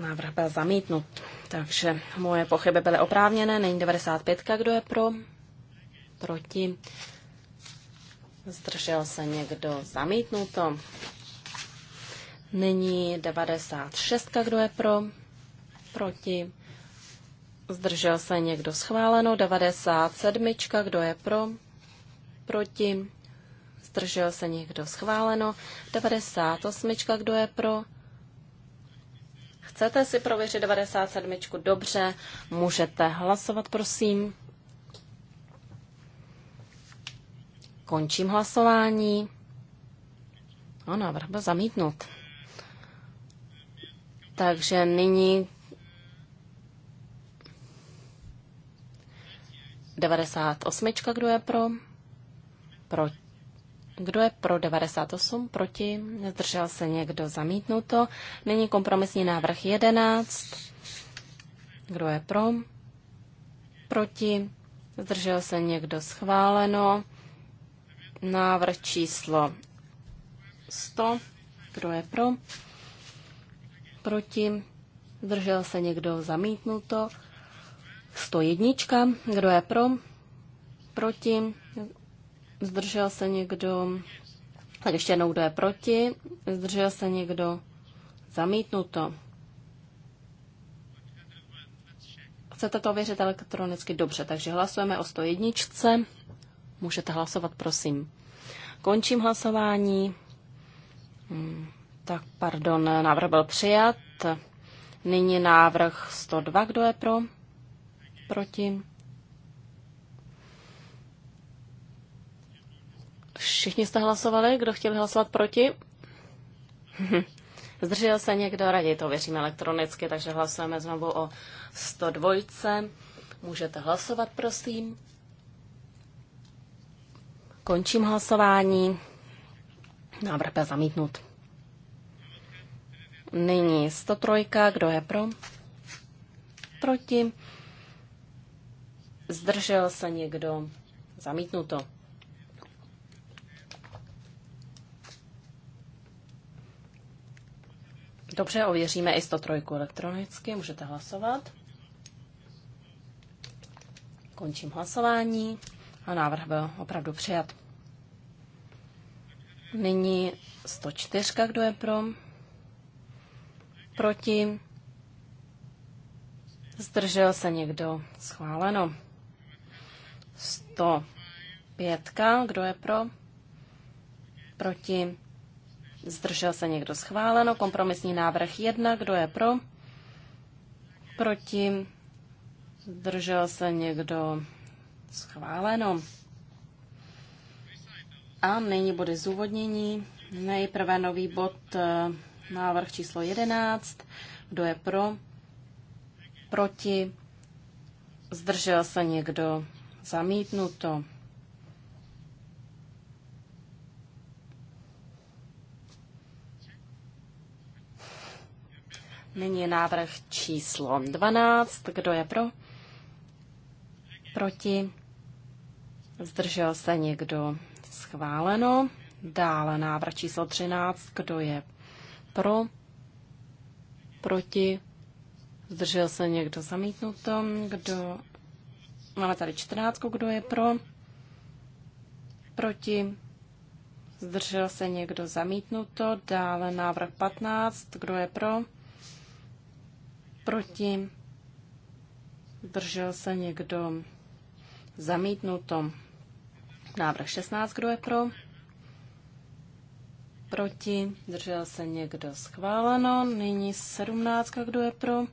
Návrh byl zamítnut, takže moje pochyby byly oprávněné. Není 95. Kdo je pro? Proti? Zdržel se někdo zamítnuto. Nyní 96. Kdo je pro? proti, zdržel se někdo schváleno, 97, kdo je pro, proti, zdržel se někdo schváleno, 98, kdo je pro, Chcete si prověřit 97? Dobře, můžete hlasovat, prosím. Končím hlasování. A no, návrh byl zamítnut. Takže nyní 98. Kdo je pro? pro? Kdo je pro 98? Proti? Zdržel se někdo zamítnuto. Nyní kompromisní návrh 11. Kdo je pro? Proti? Zdržel se někdo schváleno. Návrh číslo 100. Kdo je pro? Proti? Zdržel se někdo zamítnuto. 101. Kdo je pro? Proti? Zdržel se někdo? Tak ještě jednou, kdo je proti? Zdržel se někdo? Zamítnuto. Chcete to ověřit elektronicky? Dobře, takže hlasujeme o 101. Můžete hlasovat, prosím. Končím hlasování. Hmm, tak, pardon, návrh byl přijat. Nyní návrh 102. Kdo je pro? Proti? Všichni jste hlasovali, kdo chtěl hlasovat proti? Zdržel se někdo, raději to věříme elektronicky, takže hlasujeme znovu o 102. Můžete hlasovat, prosím. Končím hlasování. Návrh byl zamítnut. Nyní 103. Kdo je pro? Proti? Zdržel se někdo? Zamítnu to. Dobře, ověříme i 103 elektronicky, můžete hlasovat. Končím hlasování a návrh byl opravdu přijat. Nyní 104, kdo je pro? Proti? Zdržel se někdo? Schváleno. 105. Kdo je pro? Proti? Zdržel se někdo schváleno. Kompromisní návrh 1. Kdo je pro? Proti? Zdržel se někdo schváleno. A nyní bude zúvodnění. Nejprve nový bod, eh, návrh číslo 11. Kdo je pro? Proti? Zdržel se někdo? Zamítnuto. Nyní návrh číslo 12. Kdo je pro? Proti? Zdržel se někdo? Schváleno. Dále návrh číslo 13. Kdo je pro? Proti? Zdržel se někdo? Zamítnuto. Kdo Máme tady 14, kdo je pro, proti, zdržel se někdo zamítnuto, dále návrh 15, kdo je pro, proti, zdržel se někdo zamítnuto, návrh 16, kdo je pro, proti, zdržel se někdo schváleno, nyní 17, kdo je pro,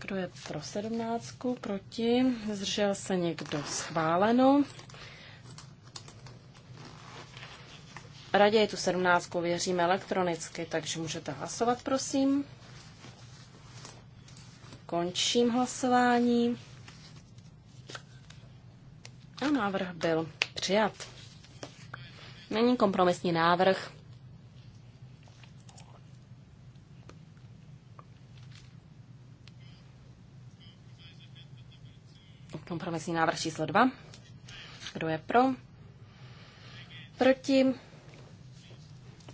kdo je pro sedmnáctku? Proti? Zdržel se někdo? Schváleno. Raději tu sedmnáctku věříme elektronicky, takže můžete hlasovat, prosím. Končím hlasování. A návrh byl přijat. Není kompromisní návrh Kompromisní návrh číslo 2. Kdo je pro? Proti?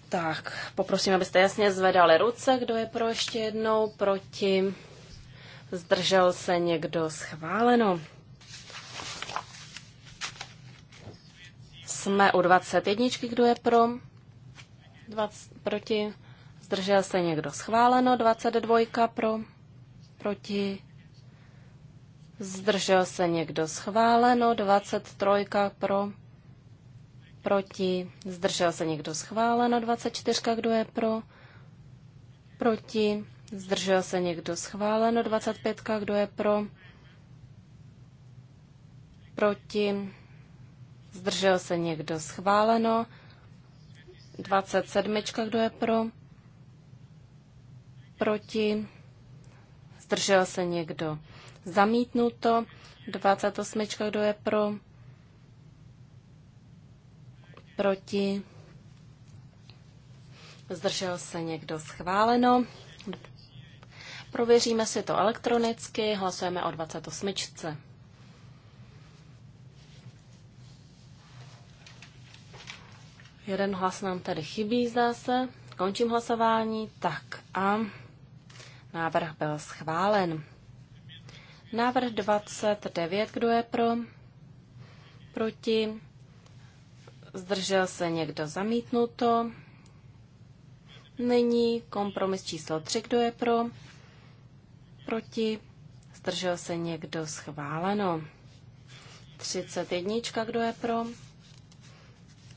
Tak, poprosím, abyste jasně zvedali ruce. Kdo je pro ještě jednou? Proti? Zdržel se někdo? Schváleno. Jsme u 21. Kdo je pro? 20, proti? Zdržel se někdo? Schváleno. 22. Pro? Proti? Zdržel se někdo schváleno. 23 pro. Proti. Zdržel se někdo schváleno. 24 kdo je pro. Proti. Zdržel se někdo schváleno. 25 kdo je pro. Proti. Zdržel se někdo schváleno. 27 kdo je pro. Proti. Zdržel se někdo zamítnuto. 28. Kdo je pro? Proti? Zdržel se někdo schváleno? Prověříme si to elektronicky, hlasujeme o 28. Jeden hlas nám tady chybí, zdá se. Končím hlasování. Tak a návrh byl schválen. Návrh 29, kdo je pro? Proti? Zdržel se někdo zamítnuto? Nyní kompromis číslo 3, kdo je pro? Proti? Zdržel se někdo schváleno? 31, kdo je pro?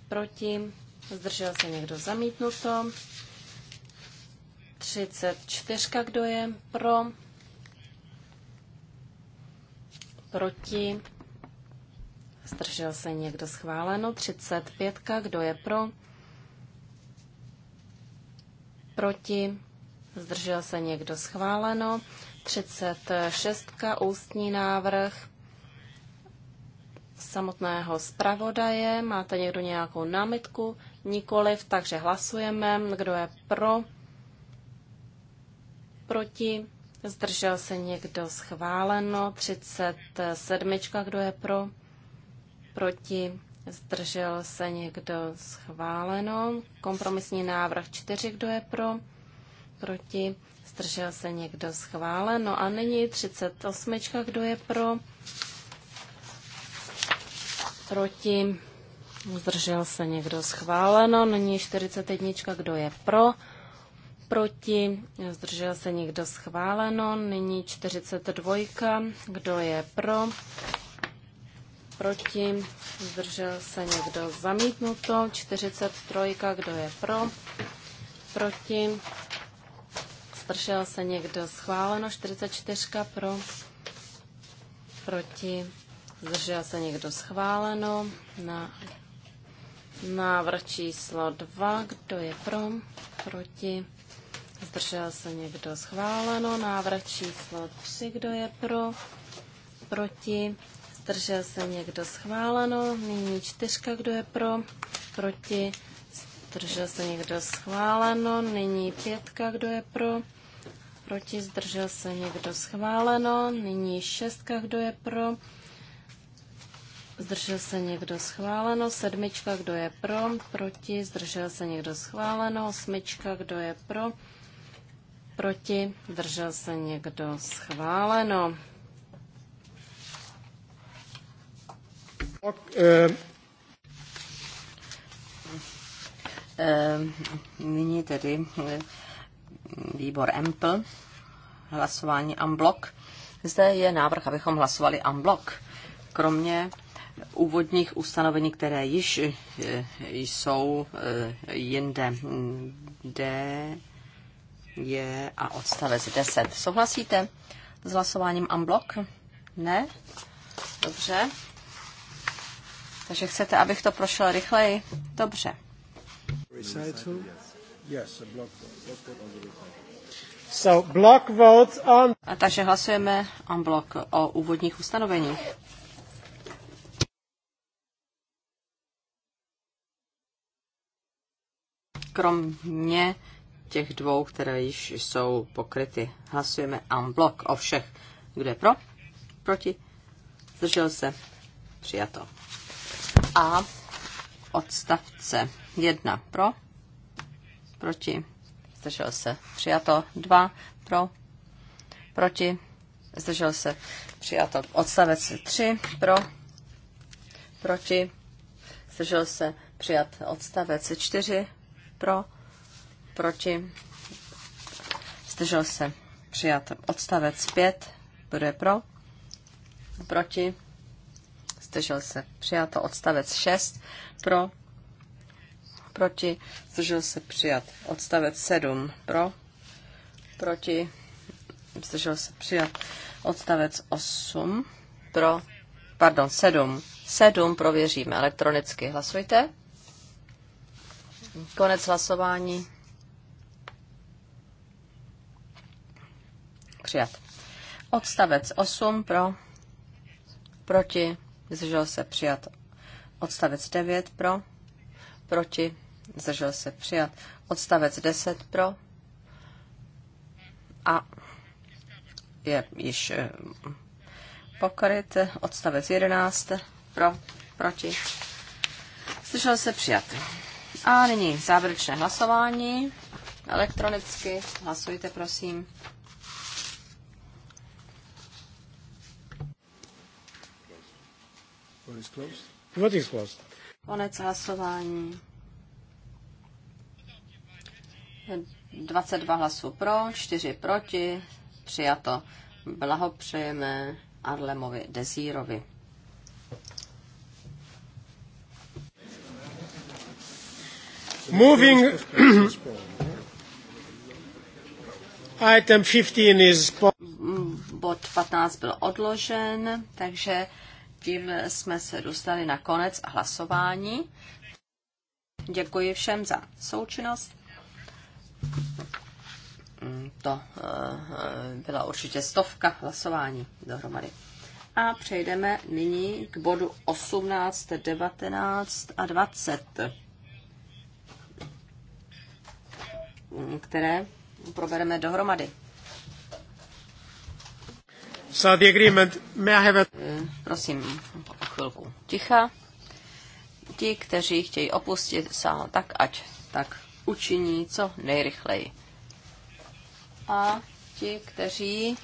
Proti? Zdržel se někdo zamítnuto? 34, kdo je pro? proti, zdržel se někdo schváleno, 35, kdo je pro, proti, zdržel se někdo schváleno, 36, ústní návrh samotného zpravodaje. Máte někdo nějakou námitku? Nikoliv, takže hlasujeme. Kdo je pro? Proti? Zdržel se někdo schváleno. 37. Kdo je pro? Proti? Zdržel se někdo schváleno. Kompromisní návrh 4. Kdo je pro? Proti? Zdržel se někdo schváleno. A nyní 38. Kdo je pro? Proti? Zdržel se někdo schváleno. Nyní 41. Kdo je pro? proti, zdržel se někdo schváleno, nyní 42, kdo je pro, proti, zdržel se někdo zamítnuto, 43, kdo je pro, proti, zdržel se někdo schváleno, 44 pro, proti, zdržel se někdo schváleno, na návrh číslo 2, kdo je pro, proti, zdržel se někdo schváleno. Návrh číslo 3, kdo je pro, proti, zdržel se někdo schváleno. Nyní čtyřka, kdo je pro, proti, zdržel se někdo schváleno. Nyní pětka, kdo je pro, proti, zdržel se někdo schváleno. Nyní šestka, kdo je pro, Zdržel se někdo schváleno. Sedmička, kdo je pro? Proti. Zdržel se někdo schváleno. Osmička, kdo je pro? Proti? Držel se někdo? Schváleno. Ok, eh. Eh, nyní tedy eh, výbor EMPL, hlasování unblock. Zde je návrh, abychom hlasovali unblock, kromě úvodních ustanovení, které již eh, jsou eh, jinde. D, je a odstavec 10. Souhlasíte s hlasováním unblock? Ne? Dobře. Takže chcete, abych to prošel rychleji? Dobře. So block vote on... A takže hlasujeme on blok o úvodních ustanoveních. Kromě těch dvou, které již jsou pokryty. Hlasujeme unblock o všech. Kdo je pro? Proti? Zdržel se? Přijato. A odstavce 1 pro? Proti? Zdržel se? Přijato. 2 pro? Proti? Zdržel se? Přijato. Odstavec 3 pro? Proti? Zdržel se? Přijat. Odstavec 4 pro? proti, zdržel se, přijat. Odstavec 5, kdo je pro, proti, zdržel se, přijato. Odstavec 6, pro, proti, zdržel se, přijat. Odstavec 7, pro, proti, zdržel se, přijat. Odstavec 8, pro, pardon, 7, 7 prověříme elektronicky. Hlasujte. Konec hlasování. přijat. Odstavec 8 pro, proti, zdržel se přijat. Odstavec 9 pro, proti, zdržel se přijat. Odstavec 10 pro a je již eh, pokryt. Odstavec 11 pro, proti, zdržel se přijat. A nyní závěrečné hlasování. Elektronicky hlasujte, prosím. Konec hlasování. 22 hlasů pro, 4 proti, přijato. Blahopřejeme Arlemovi Dezírovi. Moving item 15 is bod 15 byl odložen, takže tím jsme se dostali na konec hlasování. Děkuji všem za součinnost. To eh, byla určitě stovka hlasování dohromady. A přejdeme nyní k bodu 18, 19 a 20, které probereme dohromady. So the agreement, may I have a... Eh, prosím, o chvilku ticha. Ti, kteří chtějí opustit sál, tak ať tak učiní co nejrychleji. A ti, kteří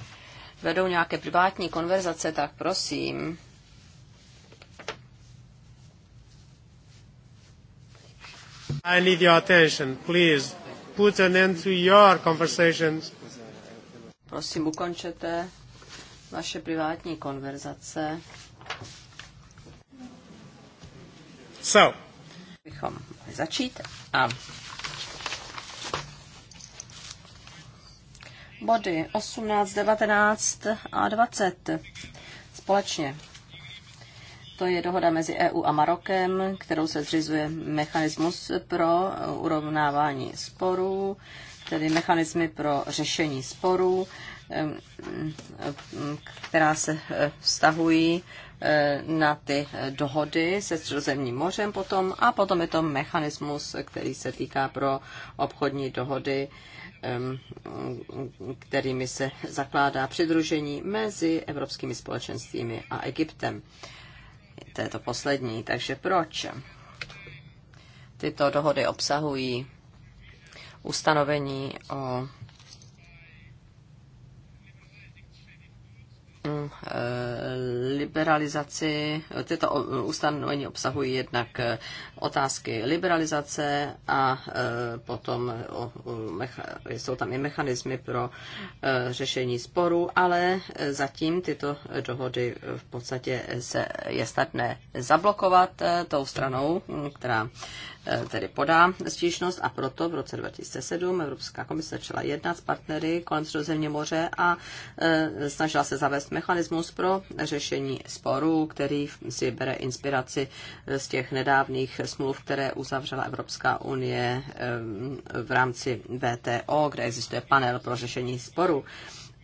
vedou nějaké privátní konverzace, tak prosím, I need your attention. Please put an end to your conversations. Prosím, ukončete naše privátní konverzace. So. Bychom mohli začít a body 18, 19 a 20 společně. To je dohoda mezi EU a Marokem, kterou se zřizuje mechanismus pro urovnávání sporů, tedy mechanismy pro řešení sporů která se eh, vztahují eh, na ty eh, dohody se Středozemním mořem potom a potom je to mechanismus, který se týká pro obchodní dohody, kterými se zakládá přidružení mezi evropskými společenstvími a Egyptem. To je to poslední. Takže proč tyto dohody obsahují ustanovení o liberalizaci. Tyto ustanovení obsahují jednak eh, otázky liberalizace a eh, potom jsou tam i mechanismy pro eh, řešení sporů, ale zatím tyto dohody v podstatě se je snadné zablokovat tou stranou, která Eh, tedy podá stížnost a proto v roce 2007 Evropská komise začala jednat s partnery kolem Středozemě moře a eh, snažila se zavést mechanismus pro řešení sporů, který si bere inspiraci eh, z těch nedávných smluv, které uzavřela Evropská unie v rámci VTO, kde existuje panel pro řešení sporů.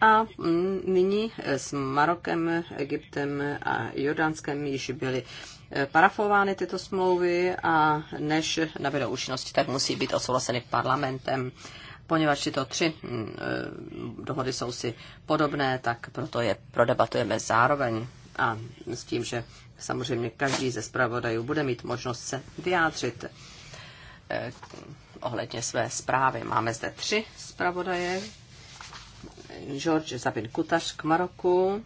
A mm, nyní eh, s Marokem, Egyptem a Jordánskem již byly eh, parafovány tyto smlouvy a než nabydou účinnosti, tak musí být odsouhlaseny parlamentem. Poněvadž tyto tři mm, eh, dohody jsou si podobné, tak proto je prodebatujeme zároveň a s tím, že samozřejmě každý ze zpravodajů bude mít možnost se vyjádřit ohledně své zprávy. Máme zde tři zpravodaje, George Zabin Kutaš k Maroku,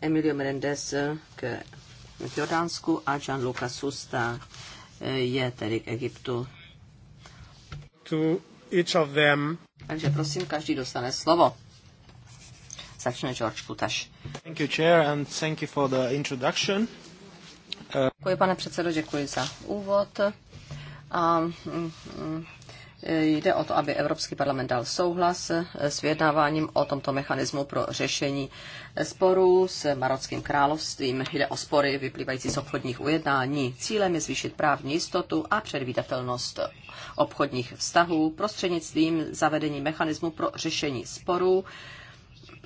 Emilio Menendez k, Jordánsku a Gianluca Susta eh, je tedy k Egyptu. To each of them. Takže prosím, každý dostane slovo. Začne George Kutaš. Thank you, Chair, and thank you for the introduction. Děkuji, pane předsedo, děkuji za úvod. A, mm, mm, Jde o to, aby Evropský parlament dal souhlas eh, s vyjednáváním o tomto mechanismu pro řešení eh, sporů s Marockým královstvím. Jde o spory vyplývající z obchodních ujednání. Cílem je zvýšit právní jistotu a předvídatelnost obchodních vztahů prostřednictvím zavedení mechanismu pro řešení sporů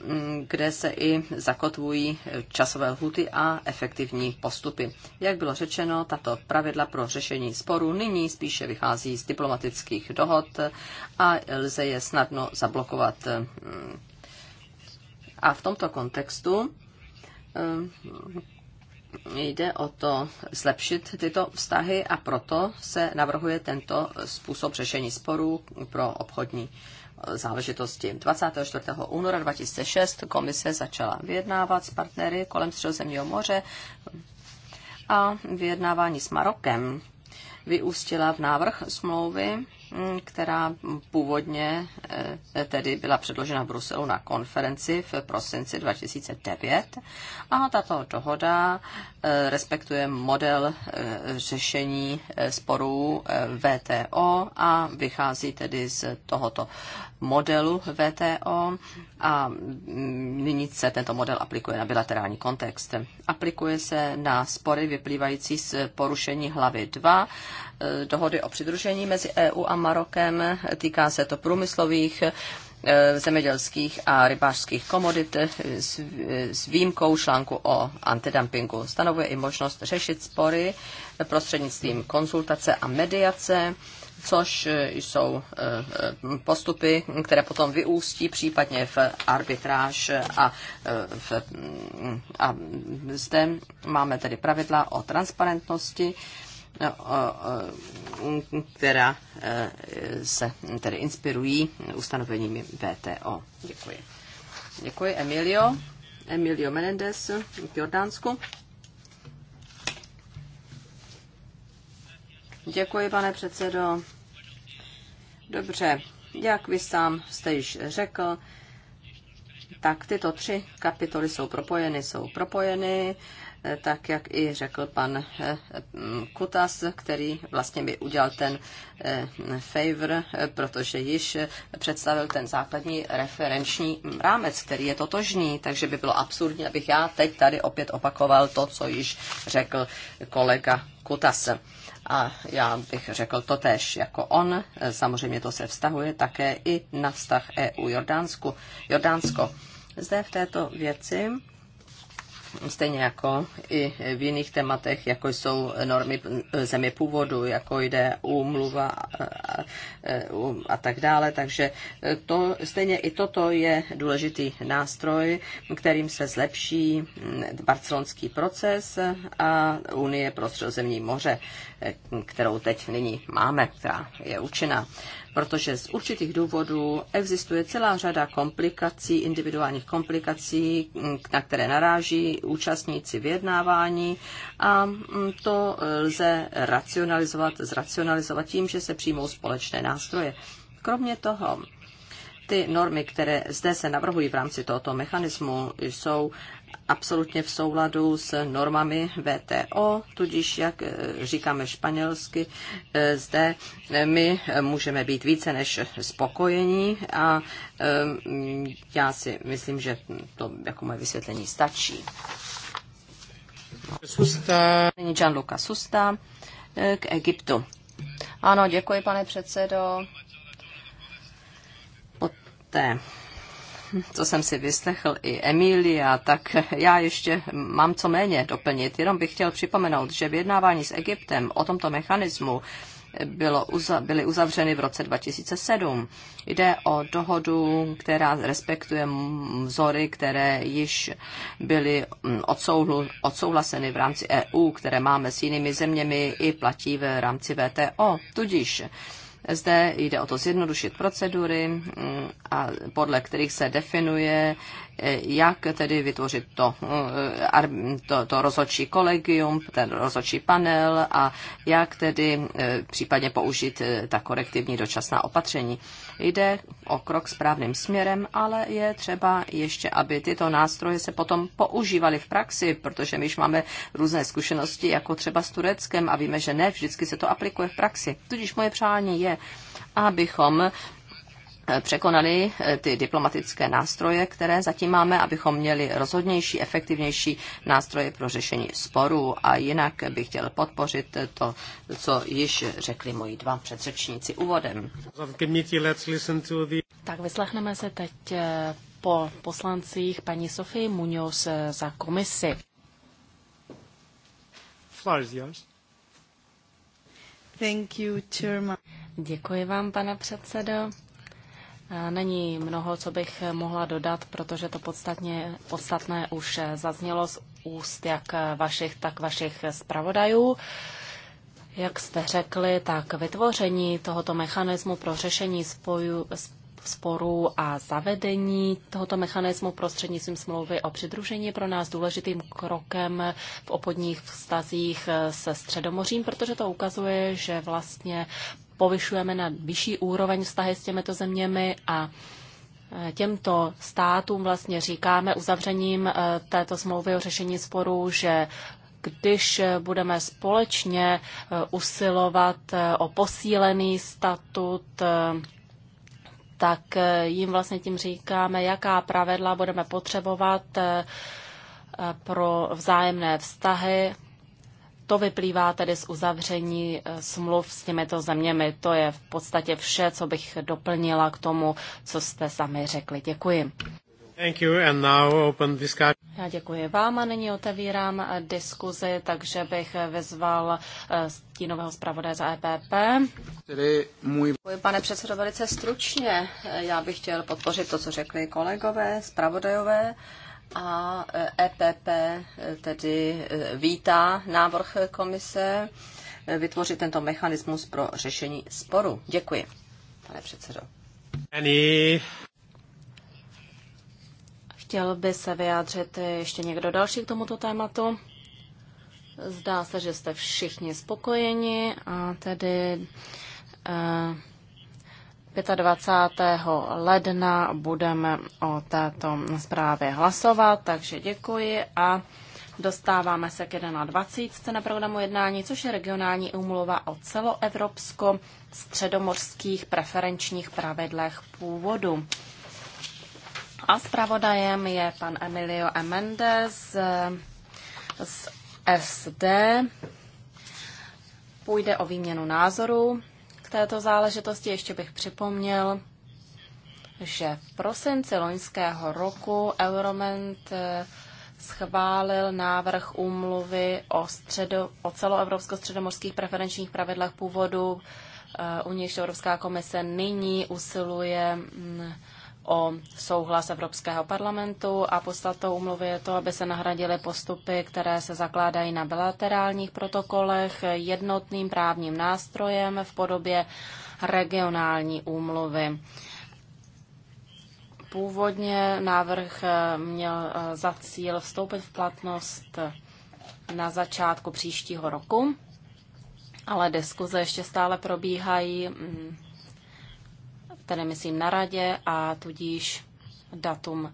Mm, kde se i zakotvují časové lhuty a efektivní postupy. Jak bylo řečeno, tato pravidla pro řešení sporů nyní spíše vychází z diplomatických dohod a lze je snadno zablokovat. Mm. A v tomto kontextu mm, jde o to zlepšit tyto vztahy a proto se navrhuje tento způsob řešení sporů pro obchodní záležitosti. 24. února 2006 komise začala vyjednávat s partnery kolem Středozemního moře a vyjednávání s Marokem vyústila v návrh smlouvy Mm, která původně eh, tedy byla předložena v Bruselu na konferenci v prosinci 2009. A tato dohoda eh, respektuje model eh, řešení sporů VTO a vychází tedy z tohoto modelu VTO a mm, nyní se tento model aplikuje na bilaterální kontext. Aplikuje se na spory vyplývající z porušení hlavy 2 e, dohody o přidružení mezi EU a Marokem. Týká se to průmyslových e, zemědělských a rybářských komodit e, s výjimkou článku o antidumpingu. Stanovuje i možnost řešit spory prostřednictvím konzultace a mediace což e, jsou e, e, postupy, které potom vyústí případně v arbitráž a, v, a zde máme tedy pravidla o transparentnosti, která se tedy inspirují ustanoveními VTO. Děkuji. Děkuji, Emilio. Emilio Menendez v Jordánsku. Děkuji, pane předsedo. Dobře, jak vy sám jste již řekl, tak tyto tři kapitoly jsou propojeny, jsou propojeny, eh, tak jak i řekl pan eh, mm, Kutas, který vlastně by udělal ten eh, favor, protože již představil ten základní referenční rámec, který je totožný, takže by bylo absurdní, abych já teď tady opět opakoval to, co již řekl kolega Kutas. A já bych řekl to tež jako on. Samozřejmě to se vztahuje také i na vztah EU Jordánsku. Jordánsko. Zde v této věci stejně jako i v jiných tématech, jako jsou normy země původu, jako jde úmluva a, a, a tak dále. Takže to, stejně i toto je důležitý nástroj, kterým se zlepší barcelonský proces a Unie pro středozemní moře, kterou teď nyní máme, která je účinná protože z určitých důvodů existuje celá řada komplikací, individuálních komplikací, na které naráží účastníci vyjednávání a to lze racionalizovat, zracionalizovat tím, že se přijmou společné nástroje. Kromě toho, ty normy, které zde se navrhují v rámci tohoto mechanismu, jsou absolutně v souladu s normami VTO, tudíž, jak eh, říkáme španělsky, eh, zde eh, my můžeme být více než spokojení a já si myslím, že to jako moje vysvětlení stačí. Susta. Nyní Gianluca Susta k Egyptu. Ano, děkuji, pane předsedo. Poté co jsem si vyslechl i Emília, tak já ještě mám co méně doplnit. Jenom bych chtěl připomenout, že vyjednávání s Egyptem o tomto mechanismu bylo, byly uzavřeny v roce 2007. Jde o dohodu, která respektuje vzory, které již byly mm, odsouhlu, odsouhlaseny v rámci EU, které máme s jinými zeměmi i platí v rámci VTO. Tudíž zde jde o to zjednodušit procedury, mm, a podle kterých se definuje, eh, jak tedy vytvořit to, eh, to, to rozhodčí kolegium, ten rozhodčí panel a jak tedy eh, případně použít ta korektivní dočasná opatření. Jde o krok správným směrem, ale je třeba ještě, aby tyto nástroje se potom používaly v praxi, protože my už máme různé zkušenosti, jako třeba s Tureckem a víme, že ne vždycky se to aplikuje v praxi. Tudíž moje přání je, abychom překonali eh, ty diplomatické nástroje, které zatím máme, abychom měli rozhodnější, efektivnější nástroje pro řešení sporů. A jinak bych chtěl podpořit to, co již řekli moji dva předřečníci úvodem. Tak vyslechneme se teď eh, po poslancích paní Sofii Muñoz eh, za komisi. Thank you, Děkuji vám, pane předsedo. Není mnoho, co bych mohla dodat, protože to podstatně, podstatné už zaznělo z úst jak vašich, tak vašich zpravodajů. Jak jste řekli, tak vytvoření tohoto mechanismu pro řešení spoju, sporů a zavedení tohoto mechanismu prostřednictvím smlouvy o přidružení pro nás důležitým krokem v obchodních vztazích se Středomořím, protože to ukazuje, že vlastně povyšujeme na vyšší úroveň vztahy s těmito zeměmi a e, těmto státům vlastně říkáme uzavřením e, této smlouvy o řešení sporů, že když budeme společně e, usilovat o posílený statut, tak jim vlastně tím říkáme, jaká pravidla budeme potřebovat pro vzájemné vztahy to vyplývá tedy z uzavření eh, smluv s těmito zeměmi. To je v podstatě vše, co bych doplnila k tomu, co jste sami řekli. Děkuji. Thank you and now open Já děkuji vám a nyní otevírám eh, diskuzi, takže bych vyzval eh, stínového zpravodaje za EPP. Tedy můj... Pane předsedo, velice stručně. Já bych chtěl podpořit to, co řekli kolegové, zpravodajové a EPP e tedy e, vítá návrh komise e, vytvořit tento mechanismus pro řešení sporu. Děkuji, pane předsedo. Any. Chtěl by se vyjádřit ještě někdo další k tomuto tématu? Zdá se, že jste všichni spokojeni a tedy uh, 25. ledna budeme o této zprávě hlasovat, takže děkuji a dostáváme se k 21. na programu jednání, což je regionální úmluva o celoevropsko-středomorských preferenčních pravidlech původu. A zpravodajem je pan Emilio Mendez z SD. Půjde o výměnu názorů této záležitosti ještě bych připomněl, že v prosinci loňského roku Euroment eh, schválil návrh úmluvy o, středo, o celoevropsko-středomorských preferenčních pravidlech původu, eh, u nichž Evropská komise nyní usiluje mm, o souhlas Evropského parlamentu a podstatou umluvy je to, aby se nahradily postupy, které se zakládají na bilaterálních protokolech jednotným právním nástrojem v podobě regionální úmluvy. Původně návrh měl za cíl vstoupit v platnost na začátku příštího roku, ale diskuze ještě stále probíhají tedy myslím na radě, a tudíž datum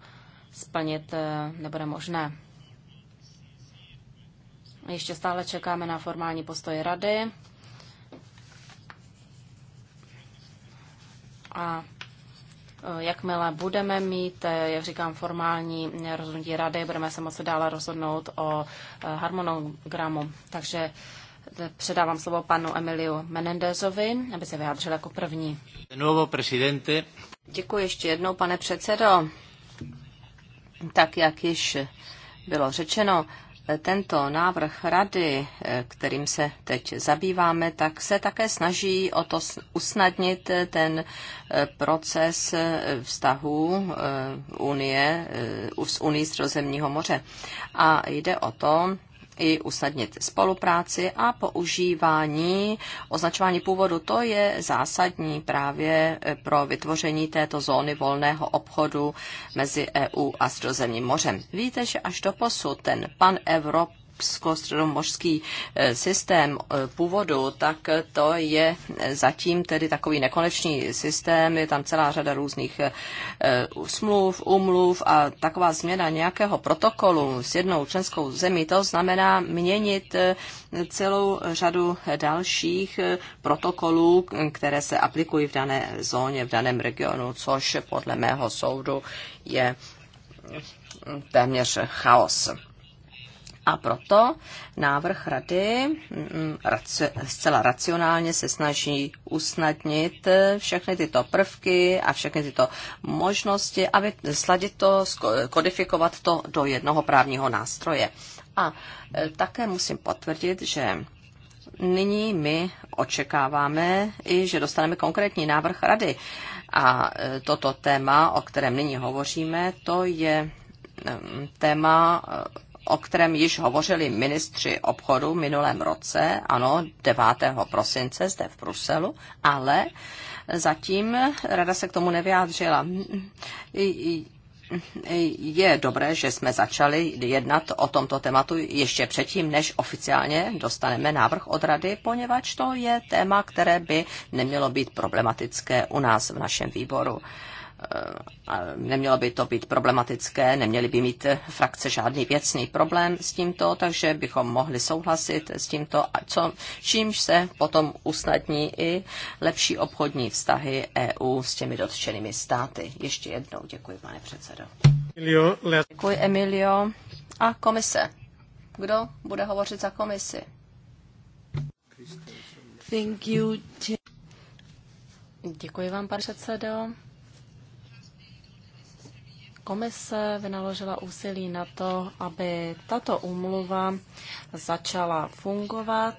splnit eh, nebude možné. Ještě stále čekáme na formální postoj rady. A eh, jakmile budeme mít, eh, jak říkám, formální rozhodnutí rady, budeme se moci dále rozhodnout o harmonogramu. Takže předávám slovo panu Emiliu Menendezovi, aby se vyjádřil jako první. Novo prezidente. Děkuji ještě jednou, pane předsedo. Tak jak již bylo řečeno, tento návrh rady, kterým se teď zabýváme, tak se také snaží o to usnadnit ten eh, proces eh, vztahu eh, Unie s Unii Středozemního moře. A jde o to, i usadnit spolupráci a používání označování původu. To je zásadní právě eh, pro vytvoření této zóny volného obchodu mezi EU a Středozemním mořem. Víte, že až do posud ten pan Evropa středomořský eh, systém eh, původu, tak to je zatím tedy takový nekonečný systém, je tam celá řada různých eh, smluv, umluv a taková změna nějakého protokolu s jednou členskou zemí, to znamená měnit celou řadu dalších protokolů, které se aplikují v dané zóně, v daném regionu, což podle mého soudu je téměř chaos. A proto návrh rady mm, mm, zcela racionálně se snaží usnadnit eh, všechny tyto prvky a všechny tyto možnosti, aby sladit to, kodifikovat to do jednoho právního nástroje. A eh, také musím potvrdit, že nyní my očekáváme i, že dostaneme konkrétní návrh rady. A eh, toto téma, o kterém nyní hovoříme, to je mm, téma, o kterém již hovořili ministři obchodu minulém roce, ano, 9. prosince zde v Bruselu, ale zatím rada se k tomu nevyjádřila. Je dobré, že jsme začali jednat o tomto tématu ještě předtím, než oficiálně dostaneme návrh od rady, poněvadž to je téma, které by nemělo být problematické u nás v našem výboru. Eh, nemělo by to být problematické, neměly by mít frakce žádný věcný problém s tímto, takže bychom mohli souhlasit s tímto, co, čímž se potom usnadní i lepší obchodní vztahy EU s těmi dotčenými státy. Ještě jednou děkuji, pane předsedo. Emilio, děkuji, Emilio. A komise. Kdo bude hovořit za komisi? Thank you. Děkuji vám, pane předsedo. Komise vynaložila úsilí na to, aby tato úmluva začala fungovat.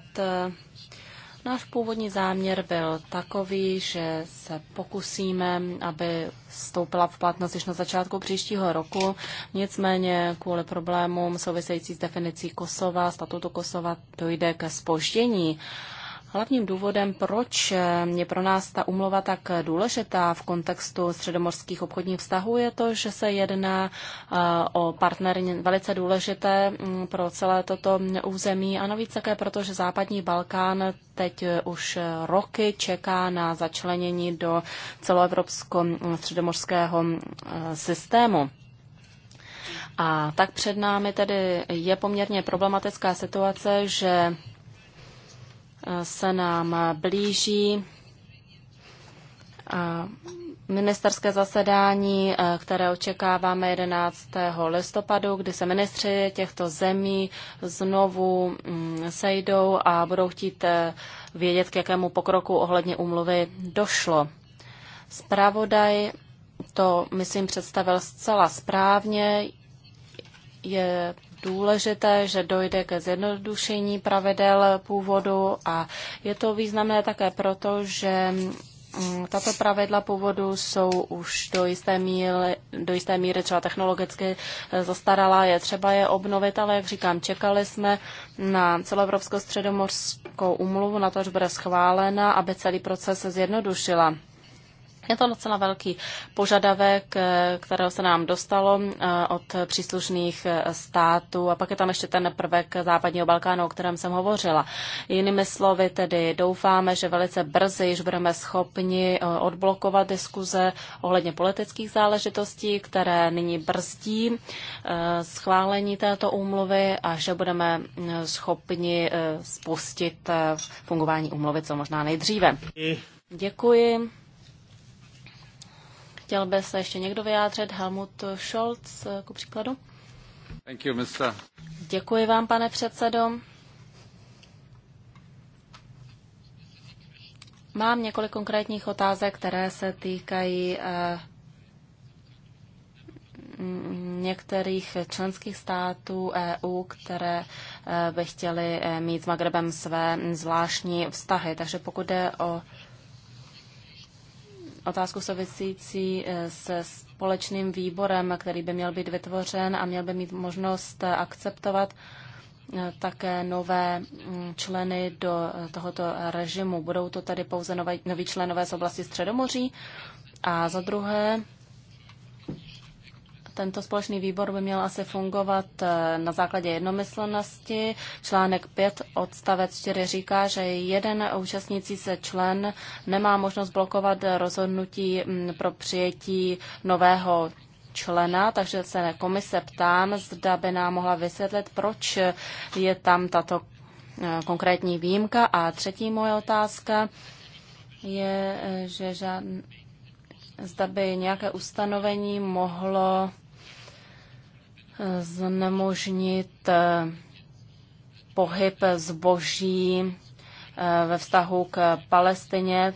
Náš původní záměr byl takový, že se pokusíme, aby stoupila v platnost již na začátku příštího roku. Nicméně kvůli problémům související s definicí Kosova, statutu Kosova, dojde ke spoždění. Hlavním důvodem, proč je pro nás ta umlova tak důležitá v kontextu středomorských obchodních vztahů, je to, že se jedná eh, o partnery velice důležité mm, pro celé toto území a navíc také proto, že západní Balkán teď už roky čeká na začlenění do celoevropsko-středomorského mm, mm, systému. A tak před námi tedy je poměrně problematická situace, že se nám blíží. Ministerské zasedání, které očekáváme 11. listopadu, kdy se ministři těchto zemí znovu mm, sejdou a budou chtít e, vědět, k jakému pokroku ohledně úmluvy došlo. Zpravodaj to, myslím, představil zcela správně. Je důležité, že dojde ke zjednodušení pravidel původu a je to významné také proto, že mm, tato pravidla původu jsou už do jisté míry, do jisté míry třeba technologicky eh, zastaralá, je třeba je obnovit, ale jak říkám, čekali jsme na celoevropskou středomorskou umluvu, na to, až bude schválena, aby celý proces se zjednodušila. Je to docela velký požadavek, eh, kterého se nám dostalo eh, od příslušných eh, států a pak je tam ještě ten prvek západního Balkánu, o kterém jsem hovořila. Jinými slovy tedy doufáme, že velice brzy již budeme schopni odblokovat diskuze ohledně politických záležitostí, které nyní brzdí schválení této úmluvy a že budeme schopni spustit fungování úmluvy co možná nejdříve. Děkuji. Chtěl by se ještě někdo vyjádřit? Helmut Scholz, ku příkladu. Thank you, Mr. Děkuji vám, pane předsedo. Mám několik konkrétních otázek, které se týkají eh, mm, některých členských států EU, které eh, by chtěly eh, mít s Magrebem své zvláštní vztahy. Takže pokud jde o otázku související eh, se společným výborem, který by měl být vytvořen a měl by mít možnost eh, akceptovat eh, také nové mm, členy do tohoto režimu. Budou to tedy pouze nové, noví členové z oblasti Středomoří? A za druhé, tento společný výbor by měl asi fungovat eh, na základě jednomyslnosti. Článek 5 odstavec 4 říká, že jeden účastnící se člen nemá možnost blokovat rozhodnutí mm, pro přijetí nového člena, takže se komise ptám, zda by nám mohla vysvětlit, proč je tam tato eh, konkrétní výjimka. A třetí moje otázka je, eh, že žádný zda by nějaké ustanovení mohlo znemožnit eh, pohyb zboží eh, ve vztahu k Palestině.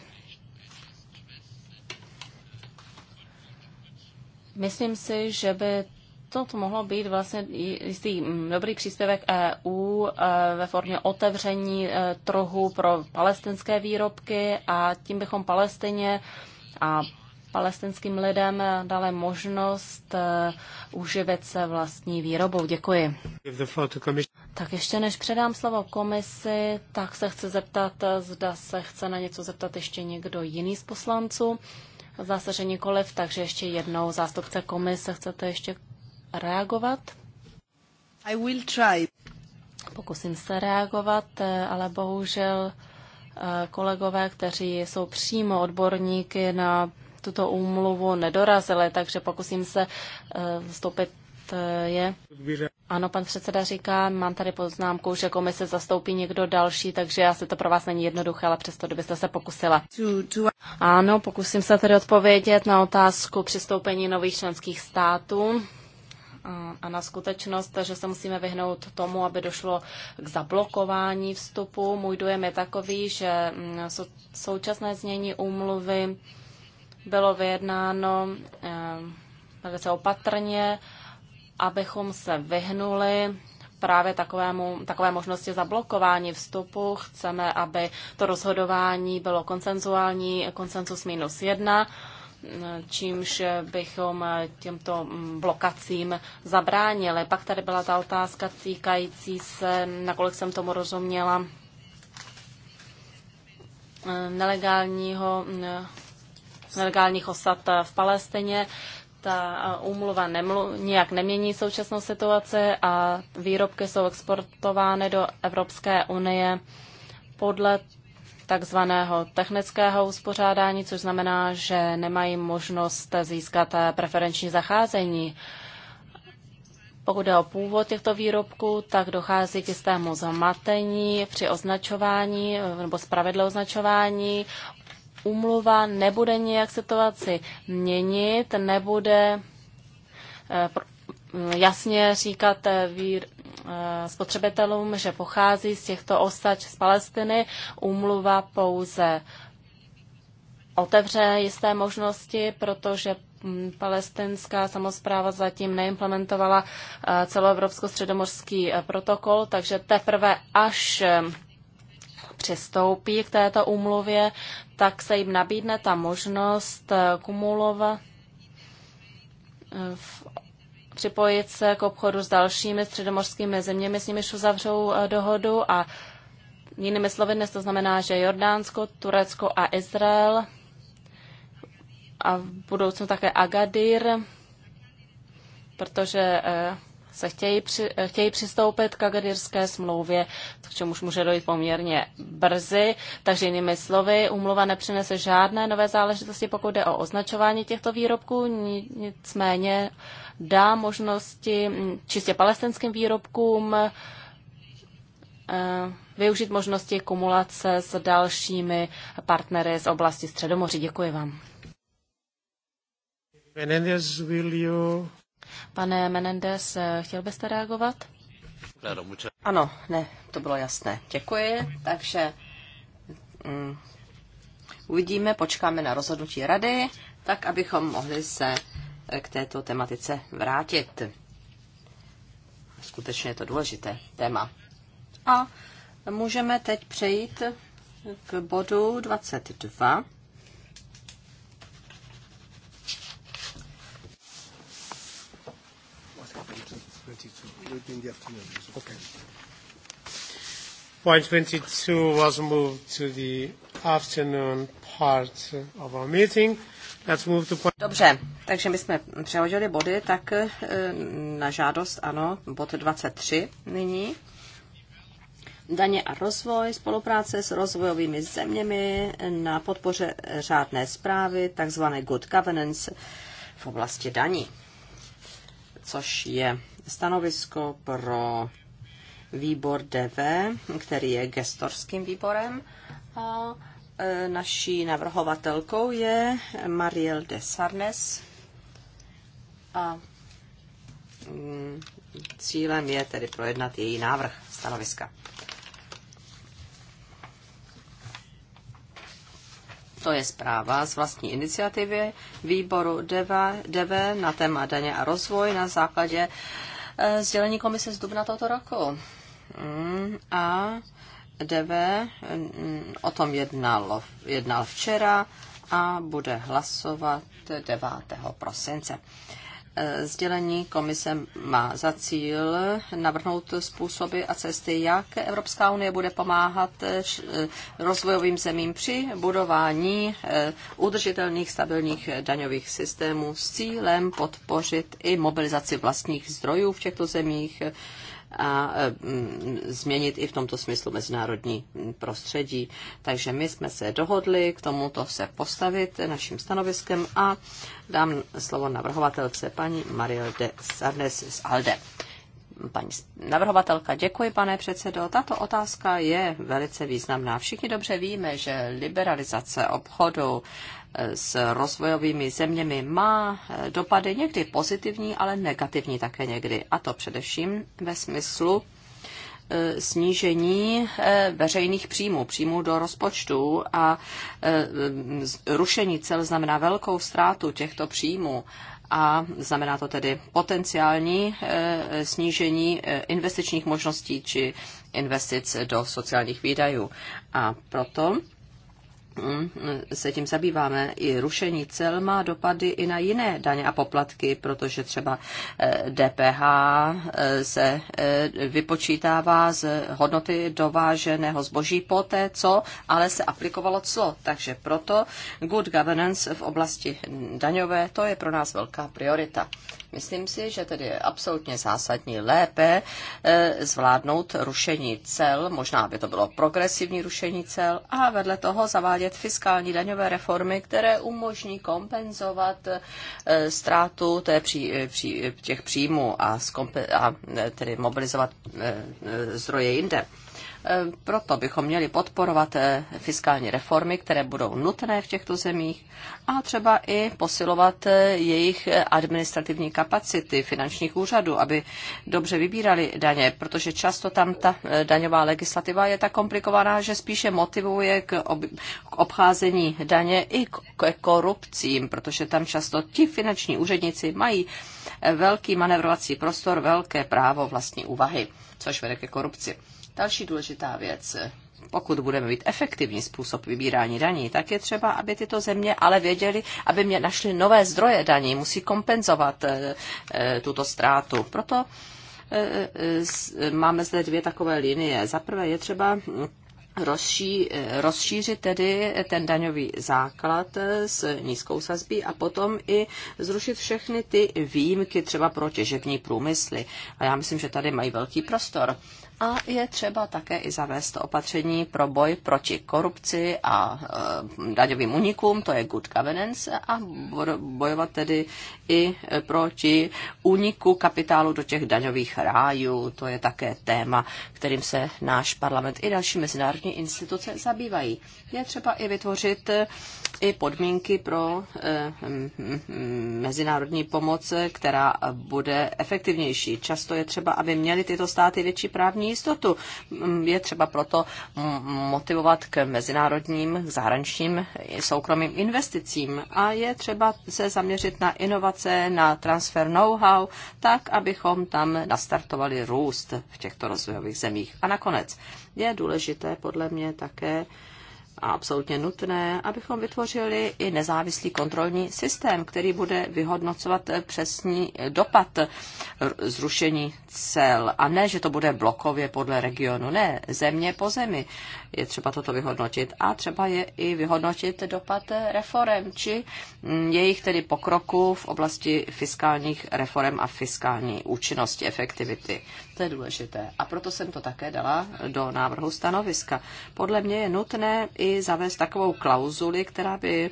Myslím si, že by to mohlo být vlastně jistý mm, dobrý příspěvek EU eh, ve formě otevření trhu pro palestinské výrobky a tím bychom Palestině a palestinským lidem dále možnost eh, uživit se vlastní výrobou. Děkuji. Tak ještě než předám slovo komisi, tak se chci zeptat, zda se chce na něco zeptat ještě někdo jiný z poslanců. Zdá se, že nikoliv, takže ještě jednou zástupce komise, chcete ještě reagovat? I will try. Pokusím se reagovat, eh, ale bohužel eh, kolegové, kteří jsou přímo odborníky na tuto úmluvu nedorazili, takže pokusím se eh, vstoupit eh, je. Ano, pan předseda říká, mám tady poznámku, že komise zastoupí někdo další, takže asi to pro vás není jednoduché, ale přesto kdybyste se pokusila. Ano, pokusím se tedy odpovědět na otázku přistoupení nových členských států a na skutečnost, že se musíme vyhnout tomu, aby došlo k zablokování vstupu. Můj dojem je takový, že mm, současné znění úmluvy bylo vyjednáno ehm, velice opatrně, abychom se vyhnuli právě takovému, takové možnosti zablokování vstupu. Chceme, aby to rozhodování bylo konsenzuální, konsensus minus jedna, čímž bychom těmto blokacím zabránili. Pak tady byla ta otázka týkající se, nakolik jsem tomu rozuměla, nelegálního nelegálních osad eh, v Palestině. Ta eh, úmluva nemlu, nijak nemění současnou situaci a výrobky jsou exportovány do Evropské unie podle takzvaného technického uspořádání, což znamená, že nemají možnost získat eh, preferenční zacházení. Pokud jde o původ těchto výrobků, tak dochází k jistému zmatení při označování nebo zpravidle označování úmluva nebude nějak situaci měnit, nebude eh, jasně říkat eh, vír, eh, spotřebitelům, že pochází z těchto ostač z Palestiny. Úmluva pouze otevře jisté možnosti, protože hm, palestinská samozpráva zatím neimplementovala celoevropsko-středomorský protokol, takže teprve až přistoupí k této úmluvě, tak se jim nabídne ta možnost eh, kumulovat eh, připojit se k obchodu s dalšími středomorskými zeměmi, s nimiž uzavřou eh, dohodu a jinými slovy dnes to znamená, že Jordánsko, Turecko a Izrael a v budoucnu také Agadir, protože se chtějí, při, eh, chtějí přistoupit k agadirské smlouvě, k čemuž může dojít poměrně brzy. Takže jinými slovy, umluva nepřinese žádné nové záležitosti, pokud jde o označování těchto výrobků, nicméně dá možnosti hm, čistě palestinským výrobkům eh, využít možnosti kumulace s dalšími partnery z oblasti Středomoří. Děkuji vám. Menendez, will you Pane Menendez, chtěl byste reagovat? Ano, ne, to bylo jasné. Děkuji, takže um, uvidíme, počkáme na rozhodnutí rady, tak abychom mohli se eh, k této tematice vrátit. Skutečně je to důležité téma. A můžeme teď přejít k bodu 22. it in the afternoon. Okay. Point 22 was moved to the afternoon part of our meeting. Let's move to point... Dobře, takže my jsme přehodili body, tak eh, na žádost, ano, bod 23 nyní. Daně a rozvoj, spolupráce s rozvojovými zeměmi na podpoře řádné zprávy, takzvané good governance v oblasti daní, což je stanovisko pro výbor DV, který je gestorským výborem. A e, naší navrhovatelkou je Mariel de Sarnes. A mm, cílem je tedy projednat její návrh stanoviska. To je zpráva z vlastní iniciativy výboru DV, DV na téma daně a rozvoj na základě Eh, sdělení komise z dubna tohoto roku. Mm, a DV mm, o tom jednal, jednal včera a bude hlasovat 9. prosince. Eh, sdělení komise má za cíl navrhnout způsoby a cesty, jak Evropská unie bude pomáhat eh, eh, rozvojovým zemím při budování udržitelných stabilních daňových systémů s cílem podpořit i mobilizaci vlastních zdrojů v těchto zemích a mm, změnit i v tomto smyslu mezinárodní mm, prostředí. Takže my jsme se dohodli k tomuto se postavit naším stanoviskem a dám slovo navrhovatelce paní Mariel de Sarnes z ALDE. Paní navrhovatelka, děkuji, pane předsedo. Tato otázka je velice významná. Všichni dobře víme, že liberalizace obchodu s rozvojovými zeměmi má eh, dopady někdy pozitivní, ale negativní také někdy. A to především ve smyslu eh, snížení eh, veřejných příjmů, příjmů do rozpočtu a rušení cel znamená velkou ztrátu těchto příjmů a znamená to tedy potenciální snížení investičních možností či investic do sociálních výdajů. A proto Mm, se tím zabýváme, i rušení cel má dopady i na jiné daně a poplatky, protože třeba DPH eh, eh, se eh, vypočítává z hodnoty dováženého zboží poté, co ale se aplikovalo clo. Takže proto good governance v oblasti daňové, to je pro nás velká priorita. Myslím si, že tedy je absolutně zásadní lépe zvládnout rušení cel, možná by to bylo progresivní rušení cel a vedle toho zavádí provádět fiskální daňové reformy, které umožní kompenzovat eh, ztrátu té pří, eh, pří, eh, těch příjmů a, skompe, a tedy mobilizovat zdroje jinde. E, proto bychom měli podporovat e, fiskální reformy, které budou nutné v těchto zemích a třeba i posilovat e, jejich administrativní kapacity finančních úřadů, aby dobře vybírali daně, protože často tam ta daňová legislativa je tak komplikovaná, že spíše motivuje k, ob, k obcházení daně i k, k korupcím, protože tam často ti finanční úředníci mají velký manevrovací prostor, velké právo vlastní úvahy, což vede ke korupci. Další důležitá věc. Pokud budeme mít efektivní způsob vybírání daní, tak je třeba, aby tyto země ale věděly, aby mě našly nové zdroje daní, musí kompenzovat eh, eh, tuto ztrátu. Proto eh, máme zde dvě takové linie. Za prvé je třeba rozšířit tedy ten daňový základ s nízkou sazbí a potom i zrušit všechny ty výjimky třeba pro těžební průmysly. A já myslím, že tady mají velký prostor. A je třeba také i zavést opatření pro boj proti korupci a e, daňovým unikům, to je good governance, a bojovat tedy i proti uniku kapitálu do těch daňových rájů. To je také téma, kterým se náš parlament i další mezinárodní instituce zabývají. Je třeba i vytvořit e, i podmínky pro e, mezinárodní pomoc, která bude efektivnější. Často je třeba, aby měly tyto státy větší právní jistotu. Mm, je třeba proto mm, motivovat k mezinárodním, k zahraničním soukromým investicím a je třeba se zaměřit na inovace, na transfer know-how, tak, abychom tam nastartovali růst v těchto rozvojových zemích. A nakonec je důležité podle mě také a absolutně nutné, abychom vytvořili i nezávislý kontrolní systém, který bude vyhodnocovat přesný dopad zrušení cel. A ne, že to bude blokově podle regionu, ne, země po zemi. Je třeba toto vyhodnotit. A třeba je i vyhodnotit dopad reform, či mm, jejich tedy pokroku v oblasti fiskálních reform a fiskální účinnosti, efektivity to je důležité. A proto jsem to také dala do návrhu stanoviska. Podle mě je nutné i zavést takovou klauzuli, která by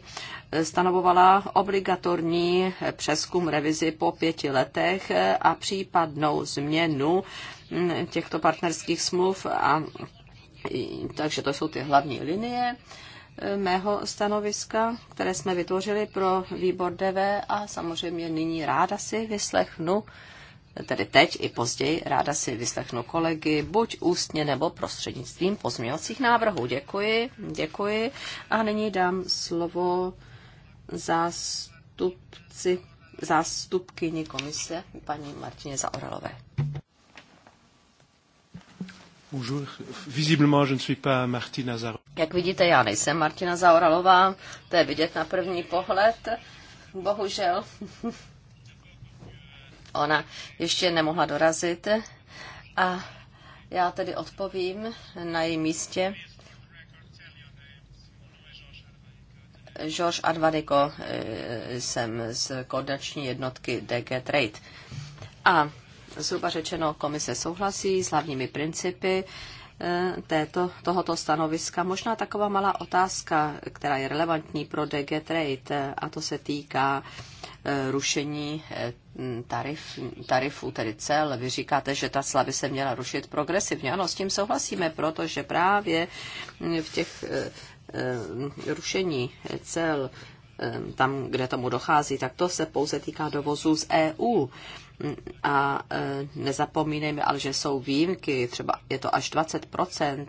stanovovala obligatorní přeskum revizi po pěti letech a případnou změnu těchto partnerských smluv. A, takže to jsou ty hlavní linie mého stanoviska, které jsme vytvořili pro výbor DV a samozřejmě nyní ráda si vyslechnu tedy teď i později, ráda si vyslechnu kolegy, buď ústně nebo prostřednictvím pozměňovacích návrhů. Děkuji, děkuji. A nyní dám slovo zástupci, zástupkyni komise, paní Martině Zaoralové. Bonjour. Visiblement, je ne suis pas Martina Zaoralová. Jak vidíte, já nejsem Martina Zaoralová. To je vidět na první pohled. Bohužel. Ona ještě nemohla dorazit a já tedy odpovím na jejím místě. George Advadiko eh, jsem z koordinační jednotky DG Trade. A zhruba řečeno, komise souhlasí s hlavními principy eh, této, tohoto stanoviska. Možná taková malá otázka, která je relevantní pro DG Trade, eh, a to se týká uh, Eh, rušení eh, tarif, tarifů, tedy cel. Vy říkáte, že ta slavy se měla rušit progresivně. Ano, s tím souhlasíme, protože právě mm, v těch eh, rušení cel tam, kde tomu dochází, tak to se pouze týká dovozu z EU. A nezapomínejme, ale že jsou výjimky, třeba je to až 20%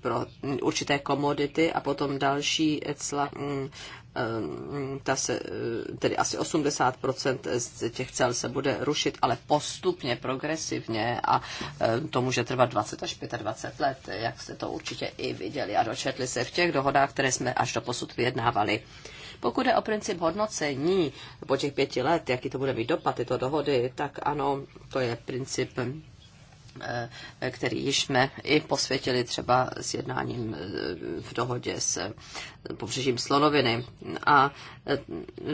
pro určité komodity a potom další cla mm, Ehm, ta se, eh, tedy asi 80% z těch cel se bude rušit, ale postupně, progresivně a ehm, to může trvat 20 až 25 let, jak jste to určitě i viděli a dočetli se v těch dohodách, které jsme až do posud vyjednávali. Pokud je o princip hodnocení po těch pěti let, jaký to bude mít dopad tyto dohody, tak ano, to je princip Eh, který již jsme i posvětili třeba s jednáním eh, v dohodě s eh, pobřežím Slonoviny. A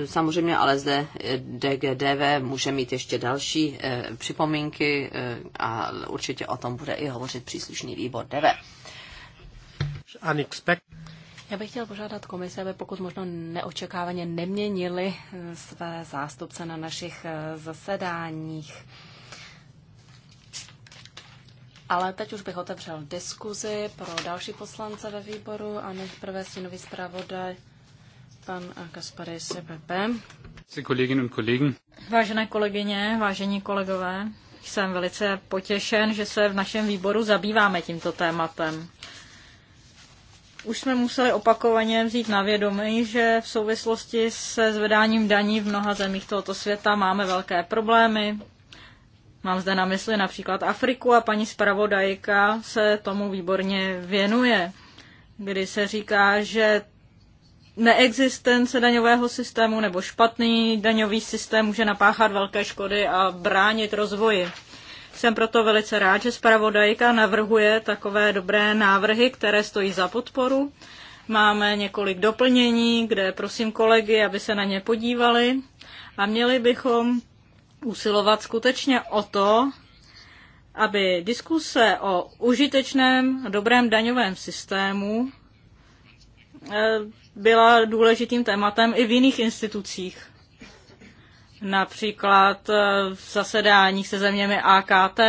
samozřejmě ale zde DGDV může mít ještě další připomínky a určitě o tom bude i hovořit příslušný výbor DV. Já bych chtěl požádat komise, aby pokud možno neočekávaně neměnili své zástupce na našich zasedáních. Ale teď už bych otevřel diskuzi pro další poslance ve výboru a nejprve nový zpravodaj pan Kaspary CPP. Vážené kolegyně, vážení kolegové, jsem velice potěšen, že se v našem výboru zabýváme tímto tématem. Už jsme museli opakovaně vzít na vědomí, že v souvislosti se zvedáním daní v mnoha zemích tohoto světa máme velké problémy, Mám zde na mysli například Afriku a paní zpravodajka se tomu výborně věnuje, kdy se říká, že neexistence daňového systému nebo špatný daňový systém může napáchat velké škody a bránit rozvoji. Jsem proto velice rád, že zpravodajka navrhuje takové dobré návrhy, které stojí za podporu. Máme několik doplnění, kde prosím kolegy, aby se na ně podívali a měli bychom usilovat skutečně o to, aby diskuse o užitečném, dobrém daňovém systému eh, byla důležitým tématem i v jiných institucích. Například eh, v zasedáních se zeměmi AKT,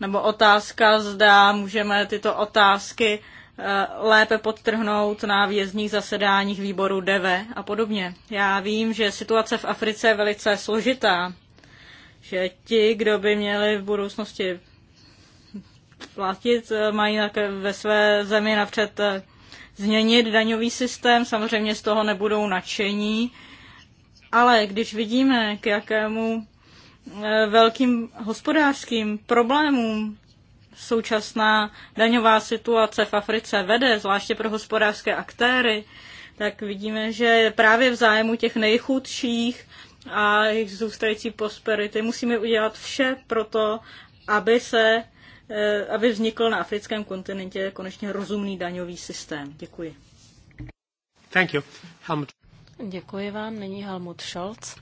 nebo otázka, zda můžeme tyto otázky Eh, lépe podtrhnout na vězních zasedáních výboru DEVE a podobně. Já vím, že situace v Africe je velice složitá, že ti, kdo by měli v budoucnosti platit, eh, mají ve své zemi napřed eh, změnit daňový systém, samozřejmě z toho nebudou nadšení, ale když vidíme, k jakému velkým hospodářským problémům současná daňová situace v Africe vede, zvláště pro hospodářské aktéry, tak vidíme, že právě v zájmu těch nejchudších a jejich zůstající prosperity musíme udělat vše pro to, aby se eh, aby vznikl na africkém kontinentě konečně rozumný daňový systém. Děkuji. Thank you. Helmut. Děkuji vám. Není Helmut Scholz.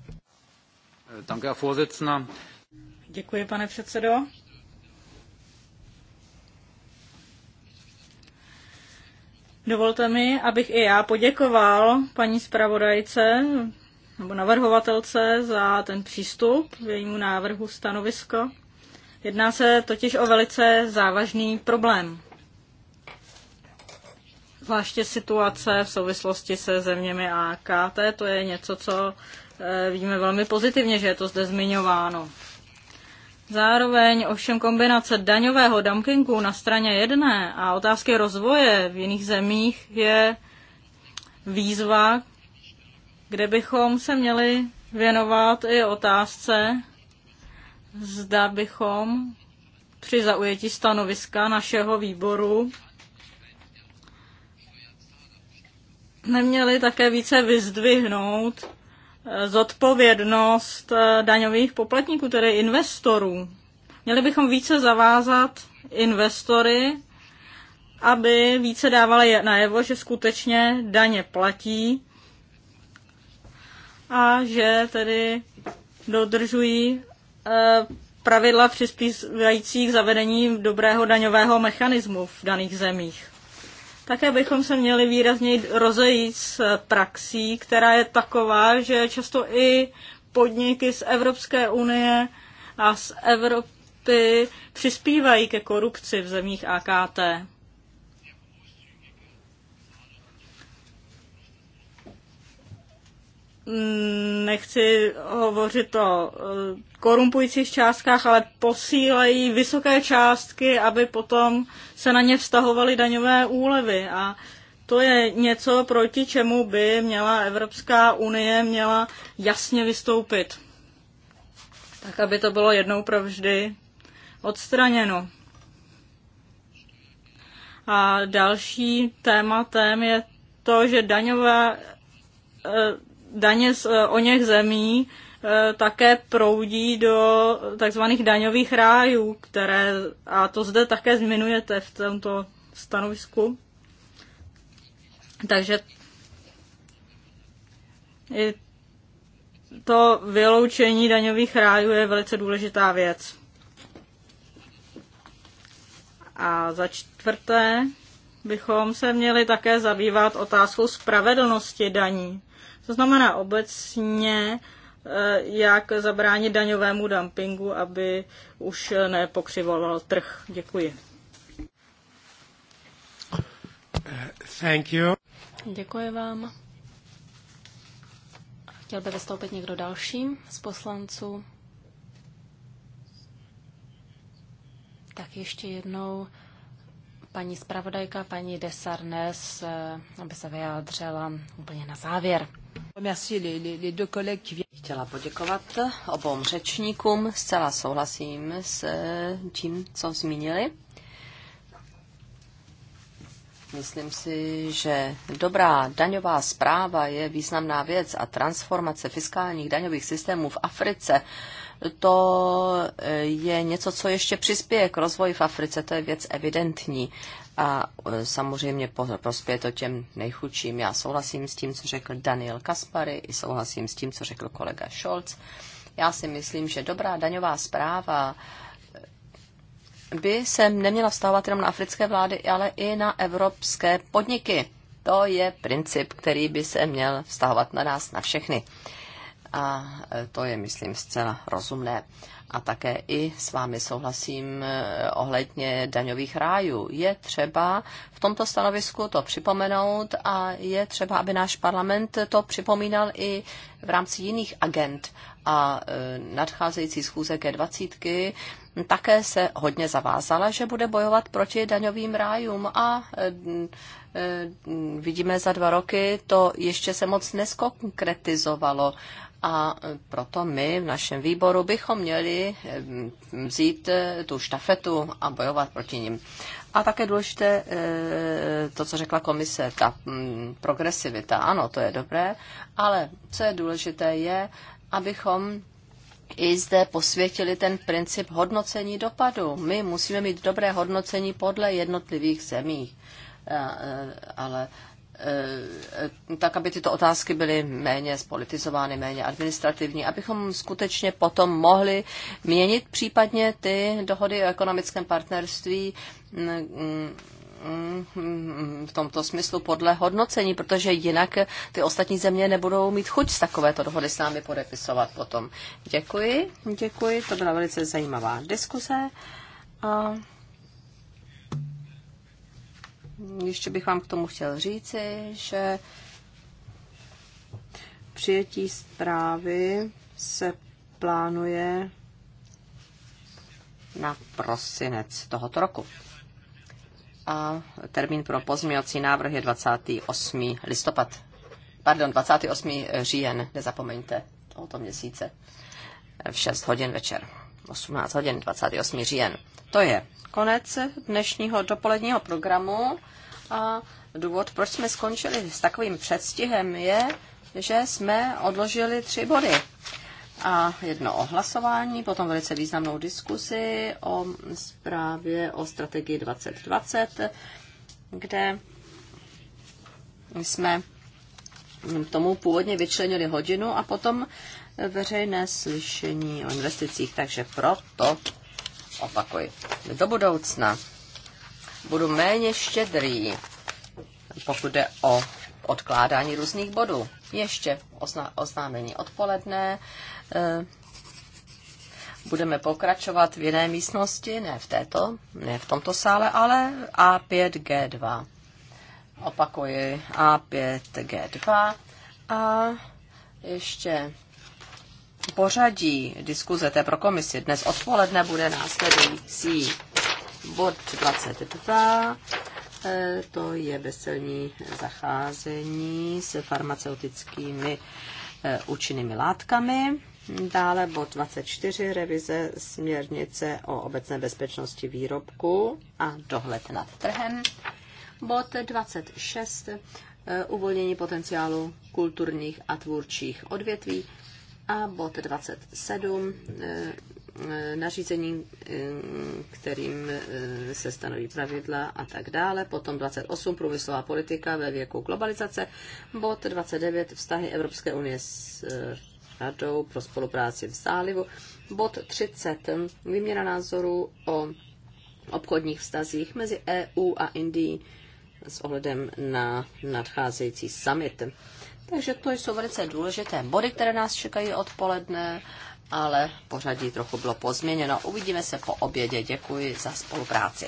Děkuji, pane předsedo. Dovolte mi, abych i já poděkoval paní zpravodajce nebo navrhovatelce za ten přístup k jejímu návrhu stanovisko. Jedná se totiž o velice závažný problém. Zvláště situace v souvislosti se zeměmi AKT, to je něco, co eh, víme velmi pozitivně, že je to zde zmiňováno. Zároveň ovšem kombinace daňového dumpingu na straně jedné a otázky rozvoje v jiných zemích je výzva, kde bychom se měli věnovat i otázce, zda bychom při zaujetí stanoviska našeho výboru neměli také více vyzdvihnout zodpovědnost eh, daňových poplatníků, tedy investorů. Měli bychom více zavázat investory, aby více dávali najevo, že skutečně daně platí a že tedy dodržují eh, pravidla přispívajících zavedení dobrého daňového mechanismu v daných zemích. Také bychom se měli výrazně rozejít s praxí, která je taková, že často i podniky z Evropské unie a z Evropy přispívají ke korupci v zemích AKT. nechci hovořit o eh, korumpujících částkách, ale posílají vysoké částky, aby potom se na ně vztahovaly daňové úlevy a to je něco, proti čemu by měla Evropská unie měla jasně vystoupit. Tak, aby to bylo jednou provždy odstraněno. A další tématem je to, že daňové, eh, daně z eh, o něch zemí, E, také proudí do takzvaných daňových rájů, které, a to zde také zmiňujete v tomto stanovisku. Takže i to vyloučení daňových rájů je velice důležitá věc. A za čtvrté bychom se měli také zabývat otázkou spravedlnosti daní. To znamená obecně Eh, jak zabránit daňovému dumpingu, aby už eh, nepokřivoval trh. Děkuji. Thank you. Děkuji vám. Chtěl by vystoupit někdo další z poslanců? Tak ještě jednou paní zpravodajka, paní Desarnes, eh, aby se vyjádřila úplně na závěr. Chtěla poděkovat obou řečníkům, zcela souhlasím s eh, tím, co zmínili. Myslím si, že dobrá daňová zpráva je významná věc a transformace fiskálních daňových systémů v Africe to e, je něco, co ještě přispěje k rozvoji v Africe, to je věc evidentní. A e, samozřejmě prospěje to těm nejchudším. Já souhlasím s tím, co řekl Daniel Kaspary, i souhlasím s tím, co řekl kolega Scholz. Já si myslím, že dobrá daňová zpráva e, by se neměla vztahovat jenom na africké vlády, ale i na evropské podniky. To je princip, který by se měl vztahovat na nás, na všechny a e, to je, myslím, zcela rozumné. A také i s vámi souhlasím e, ohledně daňových rájů. Je třeba v tomto stanovisku to připomenout a je třeba, aby náš parlament to připomínal i v rámci jiných agent. A e, nadcházející schůze ke 20 také se hodně zavázala, že bude bojovat proti daňovým rájům a vidíme za dva roky, to ještě se moc neskonkretizovalo a proto my v našem výboru bychom měli eh, vzít eh, tu štafetu a bojovat proti ním. A také důležité eh, to, co řekla komise, ta hm, progresivita. Ano, to je dobré, ale co je důležité, je, abychom i zde posvětili ten princip hodnocení dopadu. My musíme mít dobré hodnocení podle jednotlivých zemí. Ale Eh, tak aby tyto otázky byly méně spolitizovány, méně administrativní, abychom skutečně potom mohli měnit případně ty dohody o ekonomickém partnerství mm, v tomto smyslu podle hodnocení, protože jinak ty ostatní země nebudou mít chuť z takovéto dohody s námi podepisovat potom. Děkuji, děkuji, to byla velice zajímavá diskuze. A ještě bych vám k tomu chtěl říci, že přijetí zprávy se plánuje na prosinec tohoto roku. A termín pro pozměňovací návrh je 28. listopad. Pardon, 28. říjen, nezapomeňte tohoto měsíce v 6 hodin večer. 18 hodin 28. říjen. To je konec dnešního dopoledního programu a důvod, proč jsme skončili s takovým předstihem, je, že jsme odložili tři body. A jedno o hlasování, potom velice významnou diskusi o zprávě o strategii 2020, kde jsme tomu původně vyčlenili hodinu a potom veřejné slyšení o investicích, takže proto opakuji. Do budoucna budu méně štědrý, pokud jde o odkládání různých bodů. Ještě oznámení odpoledne. Eh, budeme pokračovat v jiné místnosti, ne v této, ne v tomto sále, ale A5G2. Opakuji A5G2. A ještě pořadí diskuze té pro komisi dnes odpoledne bude následující bod 22. Eh, to je veselní zacházení s farmaceutickými eh, účinnými látkami. Dále bod 24, revize směrnice o obecné bezpečnosti výrobku a dohled nad trhem. Bod 26, eh, uvolnění potenciálu kulturních a tvůrčích odvětví. A bod 27 eh, eh, nařízení, eh, kterým se stanoví pravidla a tak dále. Potom 28 průmyslová politika ve věku globalizace. Bod 29 vztahy Evropské unie s Radou pro spolupráci v zálivu. Bod 30 výměna názorů o obchodních vztazích mezi EU a Indií s ohledem na nadcházející summit. Takže to jsou velice důležité body, které nás čekají odpoledne, ale pořadí trochu bylo pozměněno. Uvidíme se po obědě. Děkuji za spolupráci.